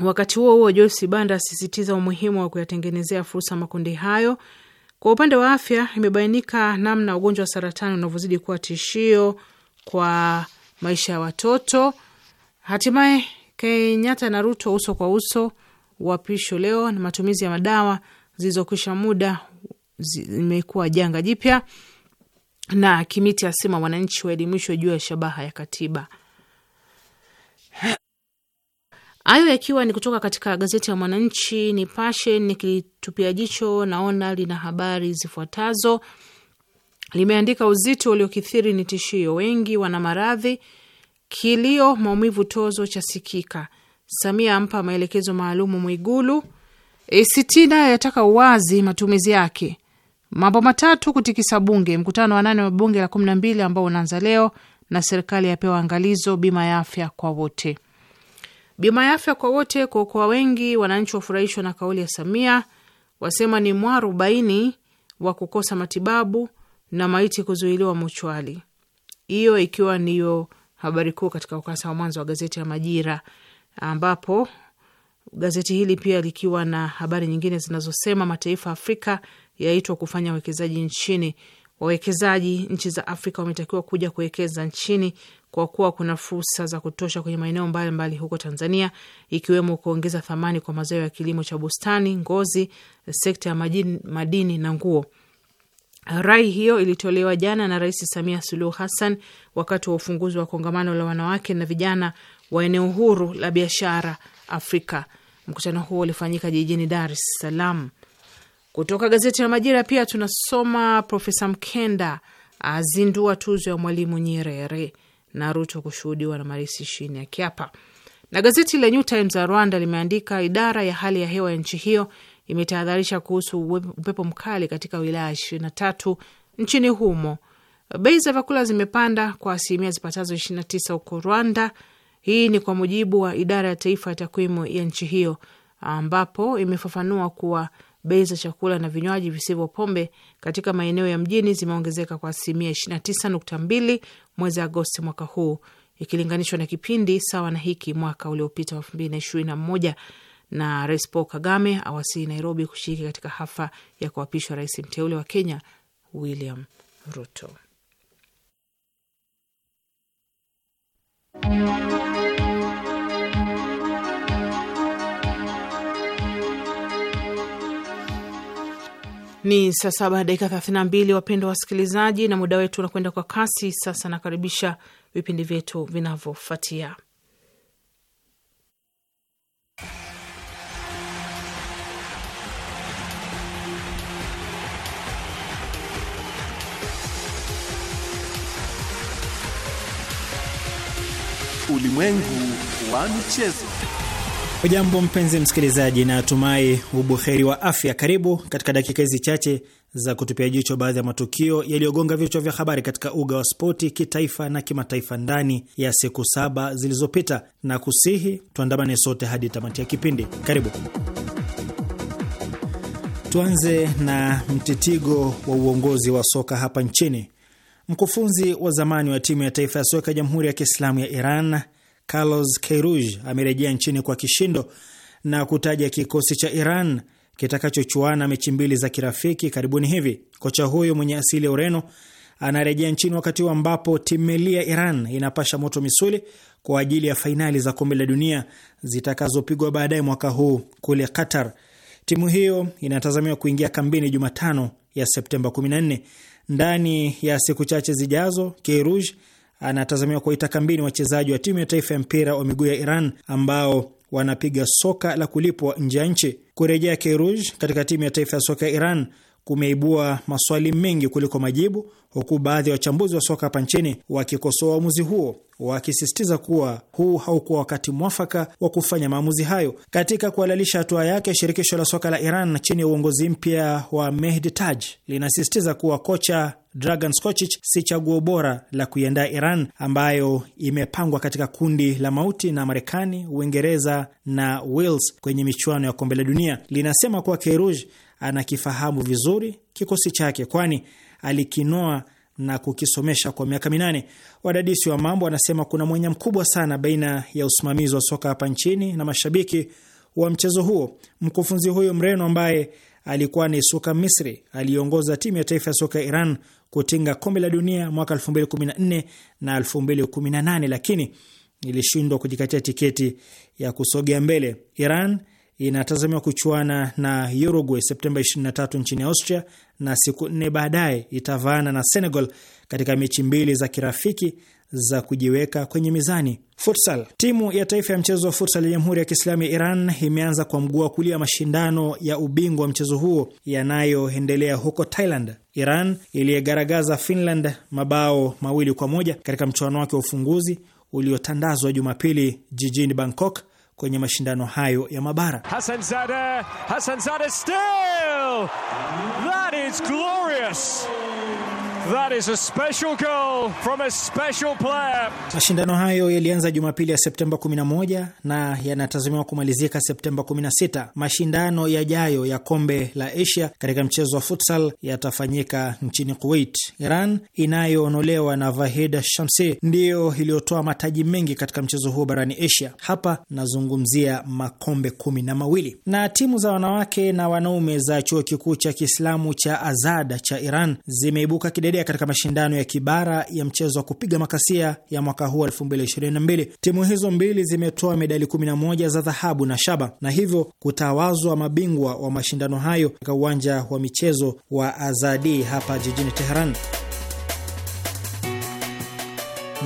Wakati huo huo, Joyce Banda asisitiza umuhimu wa kuyatengenezea fursa makundi hayo. Kwa upande wa afya, imebainika namna ugonjwa wa saratani unavyozidi kuwa tishio kwa maisha ya watoto. Hatimaye Kenyatta na Ruto uso kwa uso wapisho leo, na matumizi ya madawa zilizokwisha muda zimekuwa janga jipya, na Kimiti asema wananchi waelimishwe juu ya shabaha ya katiba. Hayo yakiwa ni kutoka katika gazeti ya Mwananchi. Nipashe nikilitupia jicho, naona lina habari zifuatazo. Limeandika uzito uliokithiri ni tishio, wengi wana maradhi, kilio, maumivu, tozo cha sikika. Samia ampa maelekezo maalumu Mwigulu. Sitina yataka uwazi matumizi yake. Mambo matatu kutikisa bunge. Mkutano wa nane wa bunge la kumi na mbili ambao unaanza leo, na serikali yapewa angalizo bima ya afya kwa wote. Bima ya afya kwa wote kuokoa wengi. Wananchi wafurahishwa na kauli ya Samia, wasema ni mwarobaini wa kukosa matibabu na maiti kuzuiliwa mochwali. Hiyo ikiwa niyo habari kuu katika ukurasa wa mwanzo wa gazeti ya Majira, ambapo gazeti hili pia likiwa na habari nyingine zinazosema mataifa Afrika yaitwa kufanya uwekezaji nchini. Wawekezaji nchi za Afrika wametakiwa kuja kuwekeza nchini kwa kuwa kuna fursa za kutosha kwenye maeneo mbalimbali huko Tanzania, ikiwemo kuongeza thamani kwa mazao ya kilimo cha bustani, ngozi, sekta ya madini, madini na nguo. Rai hiyo ilitolewa jana na Rais Samia Suluhu Hassan wakati wa ufunguzi wa kongamano la wanawake na vijana wa eneo huru la biashara Afrika. Mkutano huo ulifanyika jijini Dar es Salaam. Kutoka gazeti la Majira pia tunasoma Profesa Mkenda azindua tuzo ya Mwalimu Nyerere na Ruto kushuhudiwa na marais ishirini ya Kiapa. Na gazeti la New Times la Rwanda limeandika idara ya hali ya hewa ya nchi hiyo imetahadharisha kuhusu upepo mkali katika wilaya ishirini na tatu nchini humo. Bei za vyakula zimepanda kwa asilimia zipatazo tisa huko Rwanda. Hii ni kwa mujibu wa idara ya taifa ya takwimu ya nchi hiyo, ambapo imefafanua kuwa bei za chakula na vinywaji visivyo pombe katika maeneo ya mjini zimeongezeka kwa asilimia 29.2 mwezi Agosti mwaka huu ikilinganishwa na kipindi sawa na hiki mwaka uliopita wa 2021. Na Rais Paul Kagame awasili Nairobi kushiriki katika hafla ya kuapishwa rais mteule wa Kenya William Ruto. Ni saa saba dakika 32, wapendwa wasikilizaji, na muda wetu unakwenda kwa kasi. Sasa nakaribisha vipindi vyetu vinavyofuatia. Ulimwengu wa michezo. Ujambo mpenzi msikilizaji, na atumai ubuheri wa afya. Karibu katika dakika hizi chache za kutupia jicho baadhi ya matukio yaliyogonga vichwa vya habari katika uga wa spoti kitaifa na kimataifa ndani ya siku saba zilizopita, na kusihi tuandamane sote hadi tamati ya kipindi. Karibu. Tuanze na mtitigo wa uongozi wa soka hapa nchini. Mkufunzi wa zamani wa timu ya taifa ya soka ya Jamhuri ya Kiislamu ya Iran Carlos Queiroz amerejea nchini kwa kishindo na kutaja kikosi cha Iran kitakachochuana mechi mbili za kirafiki karibuni hivi. Kocha huyo mwenye asili ya Ureno anarejea nchini wakati huu ambapo timu meli ya Iran inapasha moto misuli kwa ajili ya fainali za kombe la dunia zitakazopigwa baadaye mwaka huu kule Qatar. Timu hiyo inatazamiwa kuingia kambini Jumatano ya Septemba 14. Ndani ya siku chache zijazo, Queiroz anatazamiwa kuwaita kambini wachezaji wa timu ya taifa ya mpira wa miguu ya Iran ambao wanapiga soka la kulipwa nje ya nchi. Kurejea Keiruj katika timu ya taifa ya soka ya Iran kumeibua maswali mengi kuliko majibu, huku baadhi ya wachambuzi wa soka hapa nchini wakikosoa uamuzi huo wakisisitiza kuwa huu haukuwa wakati mwafaka wa kufanya maamuzi hayo. Katika kuhalalisha hatua yake, shirikisho la soka la Iran chini ya uongozi mpya wa Mehdi Taj linasisitiza kuwa kocha Dragan Skocic si chaguo bora la kuiandaa Iran ambayo imepangwa katika kundi la mauti na Marekani, Uingereza na Wales kwenye michuano ya kombe la dunia. Linasema kuwa Keruj anakifahamu vizuri kikosi chake, kwani alikinoa na kukisomesha kwa miaka minane. Wadadisi wa mambo wanasema kuna mwenya mkubwa sana baina ya usimamizi wa soka hapa nchini na mashabiki wa mchezo huo. Mkufunzi huyo Mreno ambaye alikuwa ni suka Misri aliongoza timu ya taifa ya soka ya Iran kutinga kombe la dunia mwaka 2014 na 2018, lakini ilishindwa kujikatia tiketi ya kusogea mbele. Iran inatazamiwa kuchuana na Uruguay Septemba 23 nchini Austria, na siku nne baadaye itavaana na Senegal katika mechi mbili za kirafiki za kujiweka kwenye mizani. Futsal. Timu ya taifa ya mchezo wa futsal ya Jamhuri ya Kiislamu ya Iran imeanza kwa mguu wa kulia mashindano ya ubingwa wa mchezo huo yanayoendelea huko Thailand. Iran iliyegaragaza Finland mabao mawili kwa moja katika mchuano wake wa ufunguzi uliotandazwa Jumapili jijini Bangkok kwenye mashindano hayo ya mabara. Hassan Zadeh, Hassan Zadeh still. That is glorious. That is a special goal from a special player. Mashindano hayo yalianza Jumapili ya Septemba 11 na yanatazamiwa kumalizika Septemba 16. Mashindano yajayo ya kombe la Asia katika mchezo wa futsal yatafanyika nchini Kuwait. Iran inayoonolewa na Vahid Shamsi ndiyo iliyotoa mataji mengi katika mchezo huo barani Asia. Hapa nazungumzia makombe kumi na mawili. Na timu za wanawake na wanaume za chuo kikuu cha Kiislamu cha Azad cha Iran zimeibuka kide kidedea katika mashindano ya kibara ya mchezo wa kupiga makasia ya mwaka huu 2022. Timu hizo mbili zimetoa medali 11 za dhahabu na shaba na hivyo kutawazwa mabingwa wa mashindano hayo katika uwanja wa michezo wa Azadi hapa jijini Teheran.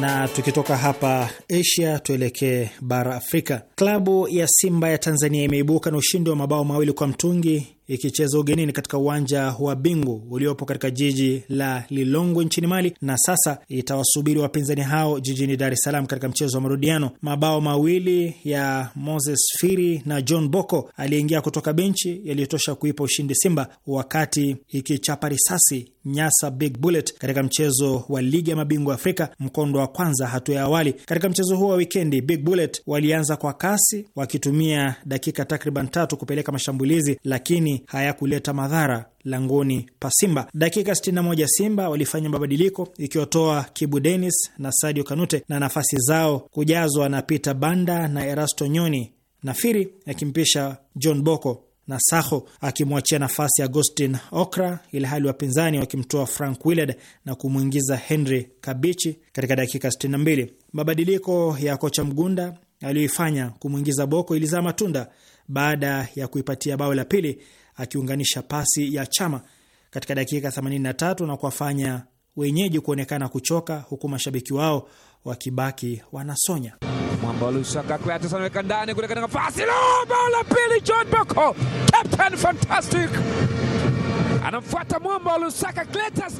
Na tukitoka hapa Asia tuelekee bara Afrika. Klabu ya Simba ya Tanzania imeibuka na ushindi wa mabao mawili kwa mtungi ikicheza ugenini katika uwanja wa Bingu uliopo katika jiji la Lilongwe nchini Mali, na sasa itawasubiri wapinzani hao jijini Dar es Salaam katika mchezo wa marudiano. Mabao mawili ya Moses Firi na John Boko aliyeingia kutoka benchi yaliyotosha kuipa ushindi Simba, wakati ikichapa risasi Nyasa Big Bullet katika mchezo wa ligi ya mabingwa Afrika mkondo wa kwanza hatua ya awali. Katika mchezo huo wa wikendi, Big Bullet walianza kwa kasi wakitumia dakika takriban tatu kupeleka mashambulizi lakini hayakuleta madhara langoni pa Simba. Dakika 61 Simba walifanya mabadiliko ikiwatoa Kibu Denis na Sadio Kanute na nafasi zao kujazwa na Peter Banda na Erasto Nyoni, Nafiri akimpisha John Boko na Saho akimwachia nafasi Agostin Okra, ilhali wapinzani wakimtoa Frank Willard na kumwingiza Henry Kabichi katika dakika 62. Mabadiliko ya kocha Mgunda aliyoifanya kumwingiza Boko ilizaa matunda baada ya kuipatia bao la pili akiunganisha pasi ya Chama katika dakika 83 na kuwafanya wenyeji kuonekana kuchoka huku mashabiki wao wakibaki wanasonya. anamfuata Mwamba Lusaka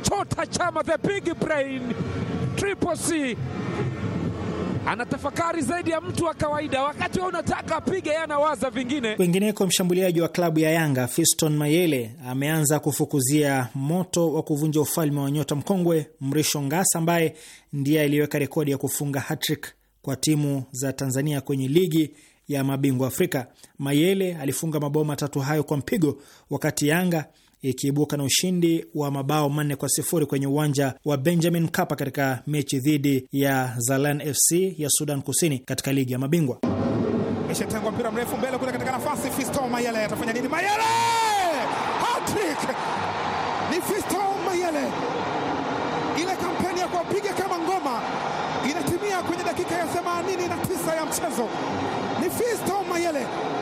chota Chama, the big brain, Triple C anatafakari zaidi ya mtu wa kawaida. Wakati wewe unataka apige, yeye anawaza vingine. Kwingineko, mshambuliaji wa klabu ya Yanga Fiston Mayele ameanza kufukuzia moto wa kuvunja ufalme wa nyota mkongwe Mrisho Ngasa ambaye ndiye aliweka rekodi ya kufunga hatrick kwa timu za Tanzania kwenye ligi ya mabingwa Afrika. Mayele alifunga mabao matatu hayo kwa mpigo, wakati Yanga ikiibuka na ushindi wa mabao manne kwa sifuri kwenye uwanja wa Benjamin Mkapa katika mechi dhidi ya Zalan FC ya Sudan Kusini katika ligi ya mabingwa. Ishatangwa mpira mrefu mbele kule katika nafasi, Fiston Mayele atafanya nini? Mayele hattrick! Ni Fiston Mayele, ile kampeni ya kuwapiga kama ngoma inatimia kwenye dakika ya 89 ya mchezo.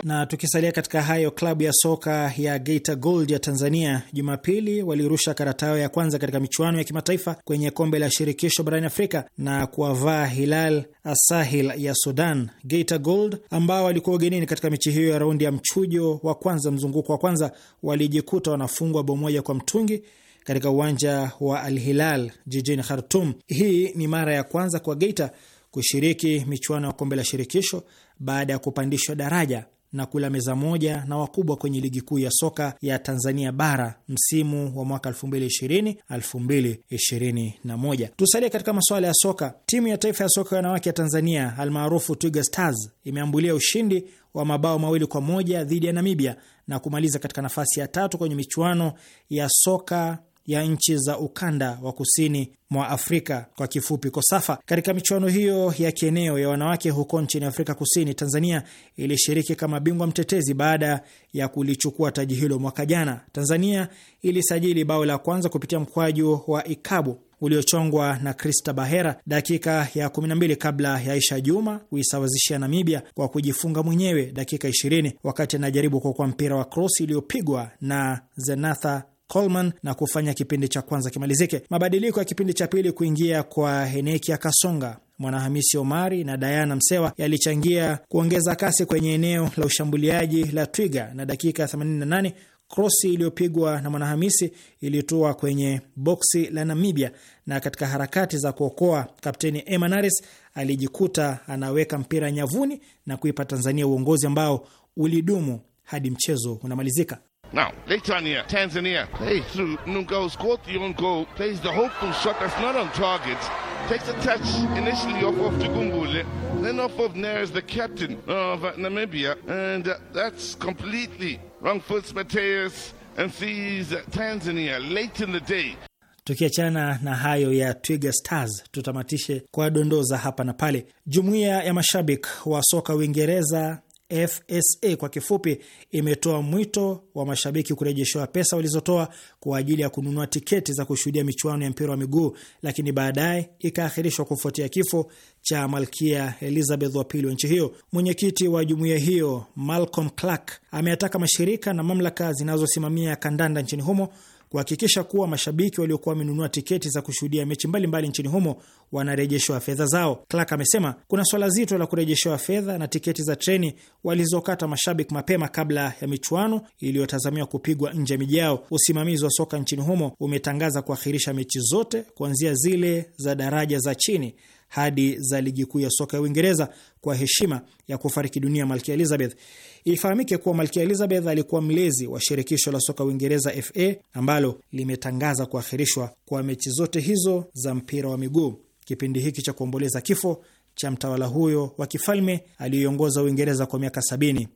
Na tukisalia katika hayo, klabu ya soka ya Geita Gold ya Tanzania Jumapili walirusha karata yao ya kwanza katika michuano ya kimataifa kwenye kombe la shirikisho barani Afrika na kuwavaa Hilal Asahil ya Sudan. Geita Gold ambao walikuwa ugenini katika mechi hiyo ya raundi ya mchujo wa kwanza mzunguko wa kwanza walijikuta wanafungwa bao moja kwa mtungi katika uwanja wa Al Hilal jijini Khartum. Hii ni mara ya kwanza kwa Geita kushiriki michuano ya kombe la shirikisho baada ya kupandishwa daraja na kula meza moja na wakubwa kwenye ligi kuu ya soka ya Tanzania bara msimu wa mwaka 2020 2021. Tusalie katika masuala ya soka. Timu ya taifa ya soka ya wanawake ya Tanzania almaarufu Twiga Stars imeambulia ushindi wa mabao mawili kwa moja dhidi ya Namibia na kumaliza katika nafasi ya tatu kwenye michuano ya soka ya nchi za ukanda wa kusini mwa Afrika kwa kifupi KOSAFA. Katika michuano hiyo ya kieneo ya wanawake huko nchini Afrika Kusini, Tanzania ilishiriki kama bingwa mtetezi baada ya kulichukua taji hilo mwaka jana. Tanzania ilisajili bao la kwanza kupitia mkwaju wa ikabu uliochongwa na Krista Bahera dakika ya 12 kabla ya Aisha Juma kuisawazishia Namibia kwa kujifunga mwenyewe dakika 20 wakati anajaribu kuokoa mpira wa krosi iliyopigwa na Zenatha Coleman na kufanya kipindi cha kwanza kimalizike. Mabadiliko ya kipindi cha pili kuingia kwa Heneki kasonga Mwanahamisi Omari na Diana Msewa yalichangia kuongeza kasi kwenye eneo la ushambuliaji la Twiga, na dakika 88 krosi iliyopigwa na Mwanahamisi ilitua kwenye boksi la Namibia, na katika harakati za kuokoa Kapteni Emanaris alijikuta anaweka mpira nyavuni na kuipa Tanzania uongozi ambao ulidumu hadi mchezo unamalizika. Now, later on here, Tanzania plays through Nungo's scores the own goal, plays the hopeful shot that's not on target, takes a touch initially off of Tugumbule, then off of Neres, the captain of uh, Namibia, and uh, that's completely wrong foot Mateus and sees uh, Tanzania late in the day. Tukiachana na hayo ya Twiga Stars, tutamatishe kwa dondoza hapa na pale. Jumuiya ya mashabiki wa soka Uingereza FSA kwa kifupi, imetoa mwito wa mashabiki kurejeshewa pesa walizotoa kwa ajili ya kununua tiketi za kushuhudia michuano ya mpira wa miguu, lakini baadaye ikaahirishwa kufuatia kifo cha malkia Elizabeth wa pili wa nchi hiyo. Mwenyekiti wa jumuiya hiyo Malcolm Clark ameataka mashirika na mamlaka zinazosimamia kandanda nchini humo kuhakikisha kuwa mashabiki waliokuwa wamenunua tiketi za kushuhudia mechi mbalimbali nchini humo wanarejeshewa fedha zao. Clark amesema kuna swala zito la kurejeshewa fedha na tiketi za treni walizokata mashabiki mapema kabla ya michuano iliyotazamiwa kupigwa nje miji yao. Usimamizi wa soka nchini humo umetangaza kuahirisha mechi zote kuanzia zile za daraja za chini hadi za ligi kuu ya soka ya Uingereza kwa heshima ya kufariki dunia Malkia Elizabeth. Ifahamike kuwa Malkia Elizabeth alikuwa mlezi wa shirikisho la soka Uingereza FA ambalo limetangaza kuahirishwa kwa mechi zote hizo za mpira wa miguu kipindi hiki cha kuomboleza kifo cha mtawala huyo wa kifalme aliyeongoza Uingereza kwa miaka sabini.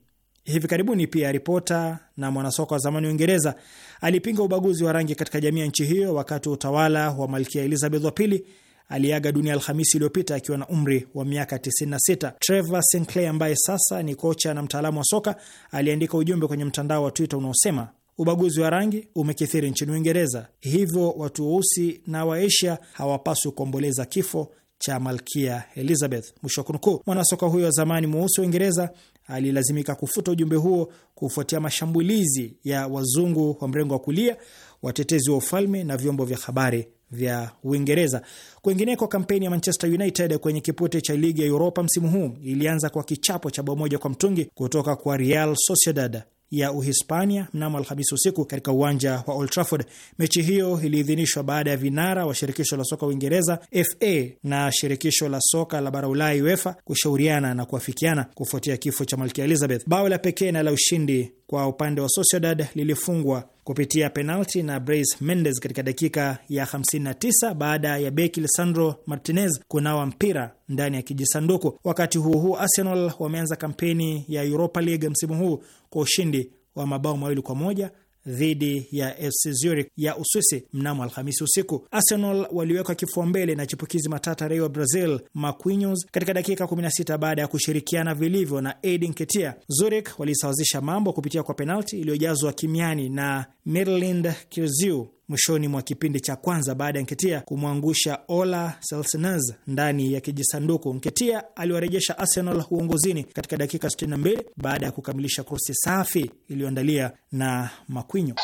Hivi karibuni pia ripota na mwanasoka wa zamani wa Uingereza alipinga ubaguzi wa rangi katika jamii ya nchi hiyo wakati wa utawala wa Malkia Elizabeth wa pili aliaga dunia Alhamisi iliyopita akiwa na umri wa miaka 96. Trevor Sinclair ambaye sasa ni kocha na mtaalamu wa soka aliandika ujumbe kwenye mtandao wa Twitter unaosema ubaguzi wa rangi umekithiri nchini Uingereza, hivyo watu weusi na Waasia hawapaswi kuomboleza kifo cha malkia Elizabeth, mwisho wa kunukuu. Mwanasoka huyo wa zamani mweusi wa Uingereza alilazimika kufuta ujumbe huo kufuatia mashambulizi ya wazungu wa mrengo wa kulia, watetezi wa ufalme na vyombo vya habari vya Uingereza. Kwingineko, kampeni ya Manchester United kwenye kipute cha ligi ya Europa msimu huu ilianza kwa kichapo cha bao moja kwa mtungi kutoka kwa Real Sociedad ya Uhispania mnamo Alhamisi usiku katika uwanja wa Old Trafford. Mechi hiyo iliidhinishwa baada ya vinara wa shirikisho la soka Uingereza FA na shirikisho la soka la bara Ulaya UEFA kushauriana na kuafikiana kufuatia kifo cha Malkia Elizabeth. Bao la pekee na la ushindi kwa upande wa Sociedad lilifungwa kupitia penalti na Brais Mendes katika dakika ya 59 baada ya beki Lisandro Martinez kunawa mpira ndani ya kijisanduku. Wakati huo huo, Arsenal wameanza kampeni ya Europa League msimu huu kwa ushindi wa mabao mawili kwa moja dhidi ya FC Zurich ya Uswisi mnamo Alhamisi usiku. Arsenal waliwekwa kifua mbele na chipukizi matata raia wa Brazil Marquinhos katika dakika 16 baada ya kushirikiana vilivyo na Edin Ketia. Zurich walisawazisha mambo kupitia kwa penalti iliyojazwa kimiani na Mirlind Kirziu mwishoni mwa kipindi cha kwanza baada ya Nketia kumwangusha Ola Selsenaz ndani ya kijisanduku. Nketia aliwarejesha Arsenal uongozini katika dakika 62 baada ya kukamilisha krosi safi iliyoandalia na Makwinyo.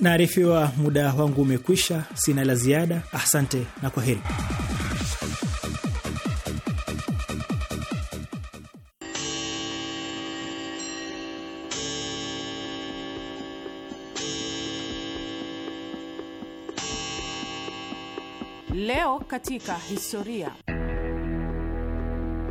Naarifiwa muda wangu umekwisha, sina la ziada. Asante na kwa heri. katika historia.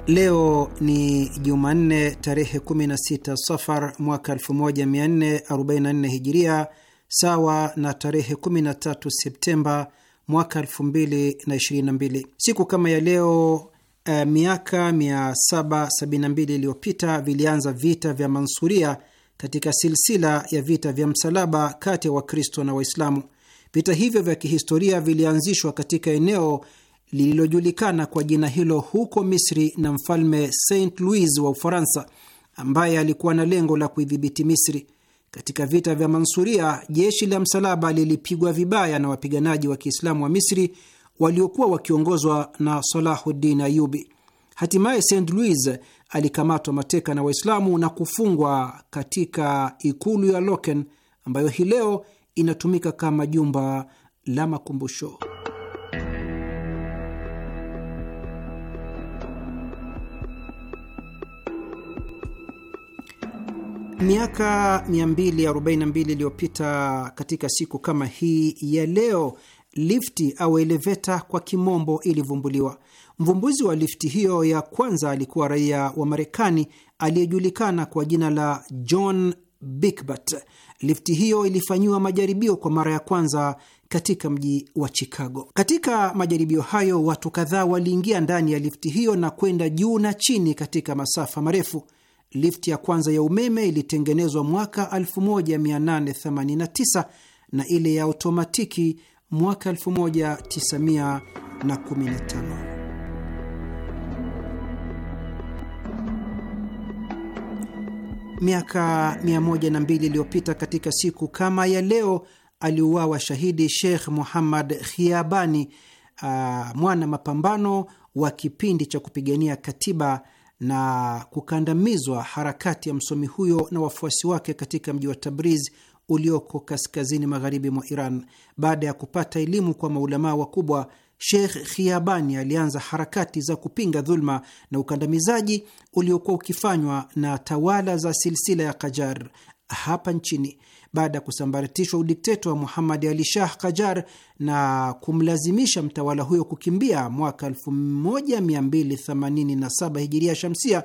Leo ni Jumanne tarehe 16 Safar mwaka 1444 Hijiria, sawa na tarehe 13 Septemba mwaka 2022. Siku kama ya leo Uh, miaka 772 iliyopita vilianza vita vya Mansuria katika silsila ya vita vya msalaba kati ya Wakristo na Waislamu. Vita hivyo vya kihistoria vilianzishwa katika eneo lililojulikana kwa jina hilo huko Misri na mfalme Saint Louis wa Ufaransa, ambaye alikuwa na lengo la kuidhibiti Misri. Katika vita vya Mansuria, jeshi la msalaba lilipigwa vibaya na wapiganaji wa Kiislamu wa Misri waliokuwa wakiongozwa na Salahuddin Ayubi. Hatimaye St Louis alikamatwa mateka na Waislamu na kufungwa katika ikulu ya Loken ambayo hii leo inatumika kama jumba la makumbusho. Miaka 242 iliyopita katika siku kama hii ya leo, lifti au eleveta kwa kimombo ilivumbuliwa. Mvumbuzi wa lifti hiyo ya kwanza alikuwa raia wa Marekani aliyejulikana kwa jina la John Bickbert. Lifti hiyo ilifanyiwa majaribio kwa mara ya kwanza katika mji wa Chicago. Katika majaribio hayo, watu kadhaa waliingia ndani ya lifti hiyo na kwenda juu na chini katika masafa marefu. Lifti ya kwanza ya umeme ilitengenezwa mwaka 1889 na ile ya otomatiki mwaka 1915. miaka 102 iliyopita katika siku kama ya leo aliuawa shahidi Sheikh Muhammad Khiabani, uh, mwana mapambano wa kipindi cha kupigania katiba na kukandamizwa harakati ya msomi huyo na wafuasi wake katika mji wa Tabriz ulioko kaskazini magharibi mwa Iran. Baada ya kupata elimu kwa maulamaa wakubwa, Sheikh Khiabani alianza harakati za kupinga dhuluma na ukandamizaji uliokuwa ukifanywa na tawala za silsila ya Kajar hapa nchini baada ya kusambaratishwa udikteta wa Muhammad Ali Shah Kajar na kumlazimisha mtawala huyo kukimbia mwaka 1287 hijiria shamsia.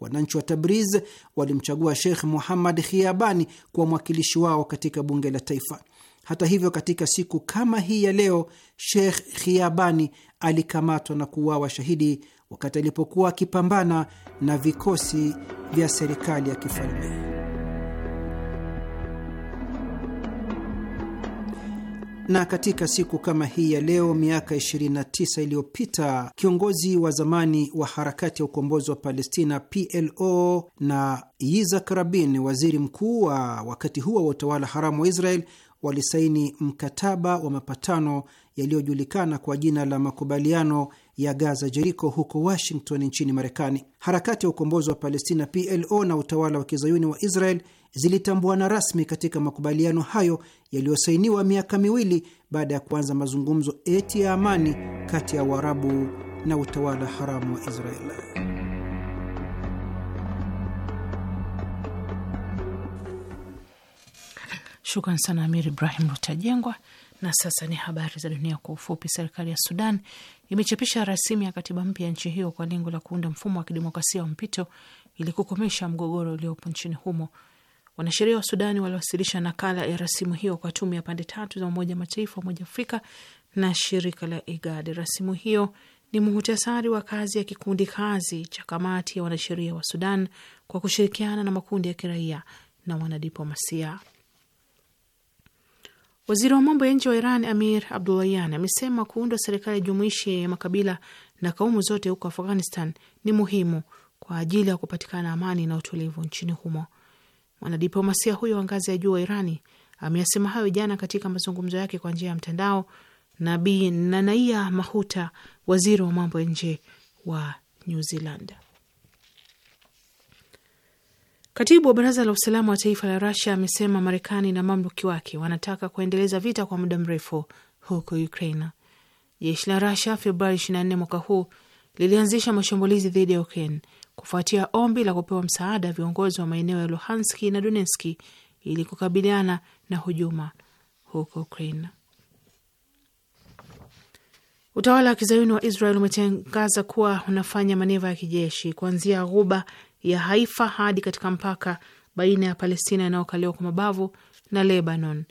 Wananchi wa Tabriz walimchagua Sheikh Muhammad Khiabani kuwa mwakilishi wao katika bunge la taifa. Hata hivyo, katika siku kama hii ya leo, Sheikh Khiabani alikamatwa na kuuawa shahidi wakati alipokuwa akipambana na vikosi vya serikali ya kifalme. na katika siku kama hii ya leo miaka 29 iliyopita kiongozi wa zamani wa harakati ya ukombozi wa Palestina PLO na Yitzhak Rabin, waziri mkuu wa wakati huo wa utawala haramu wa Israel, walisaini mkataba wa mapatano yaliyojulikana kwa jina la makubaliano ya Gaza Jeriko huko Washington nchini Marekani. Harakati ya ukombozi wa Palestina PLO na utawala wa kizayuni wa Israel zilitambuana rasmi katika makubaliano hayo yaliyosainiwa miaka miwili baada ya kuanza mazungumzo eti ya amani kati ya Waarabu na utawala haramu wa Israel. Shukran sana Amir Ibrahim Rutajengwa. Na sasa ni habari za dunia kwa ufupi. Serikali ya Sudan imechapisha rasimu ya katiba mpya ya nchi hiyo kwa lengo la kuunda mfumo wa kidemokrasia wa mpito ili kukomesha mgogoro uliopo nchini humo. Wanasheria wa Sudani waliwasilisha nakala ya rasimu hiyo kwa tume ya pande tatu za Umoja Mataifa, Umoja Afrika na shirika la IGAD. Rasimu hiyo ni muhtasari wa kazi ya kikundi kazi cha kamati ya wanasheria wa Sudan kwa kushirikiana na makundi ya kiraia na wanadiplomasia. Waziri wa mambo ya nje wa Iran Amir Abdulayan amesema kuundwa serikali jumuishi ya makabila na kaumu zote huko Afghanistan ni muhimu kwa ajili ya kupatikana amani na utulivu nchini humo. Mwanadiplomasia huyo wa ngazi ya juu wa Irani ameyasema hayo jana katika mazungumzo yake kwa njia ya mtandao na Bi Nanaia Mahuta, waziri wa mambo ya nje wa New Zealand. Katibu wa baraza la usalama wa taifa la rusia amesema Marekani na mamluki wake wanataka kuendeleza vita kwa muda mrefu huko Ukraina. Jeshi la rusia Februari 24 mwaka huu lilianzisha mashambulizi dhidi ya Ukraine kufuatia ombi la kupewa msaada viongozi wa maeneo ya Luhanski na Donetski ili kukabiliana na hujuma huko Ukraina. Utawala wa kizayuni wa Israel umetangaza kuwa unafanya maneva ya kijeshi kuanzia ghuba ya Haifa hadi katika mpaka baina ya Palestina inayokaliwa kwa mabavu na Lebanon,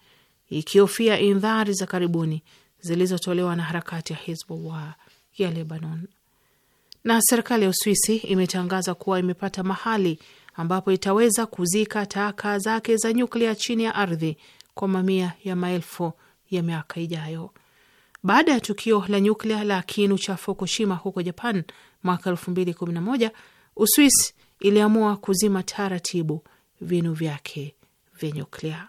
ikihofia indhari za karibuni zilizotolewa na harakati ya Hizbullah ya Lebanon. Na serikali ya Uswisi imetangaza kuwa imepata mahali ambapo itaweza kuzika taka zake za nyuklia chini ya ardhi kwa mamia ya maelfu ya miaka ijayo. Baada ya tukio la nyuklia la kinu cha Fukushima huko Japan mwaka elfu mbili kumi na moja, Uswisi iliamua kuzima taratibu vinu vyake vya nyuklia.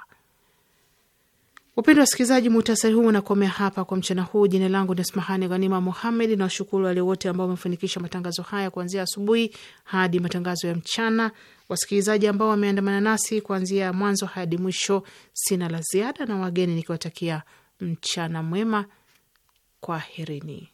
Upendo wa wasikilizaji, muhtasari huu unakomea hapa kwa mchana huu. Jina langu ni Asmahani Ghanima Muhamed, na washukuru wale wote ambao wamefanikisha matangazo haya kuanzia asubuhi hadi matangazo ya mchana. Wasikilizaji ambao wameandamana nasi kuanzia mwanzo hadi mwisho, sina la ziada na wageni nikiwatakia mchana mwema, kwaherini.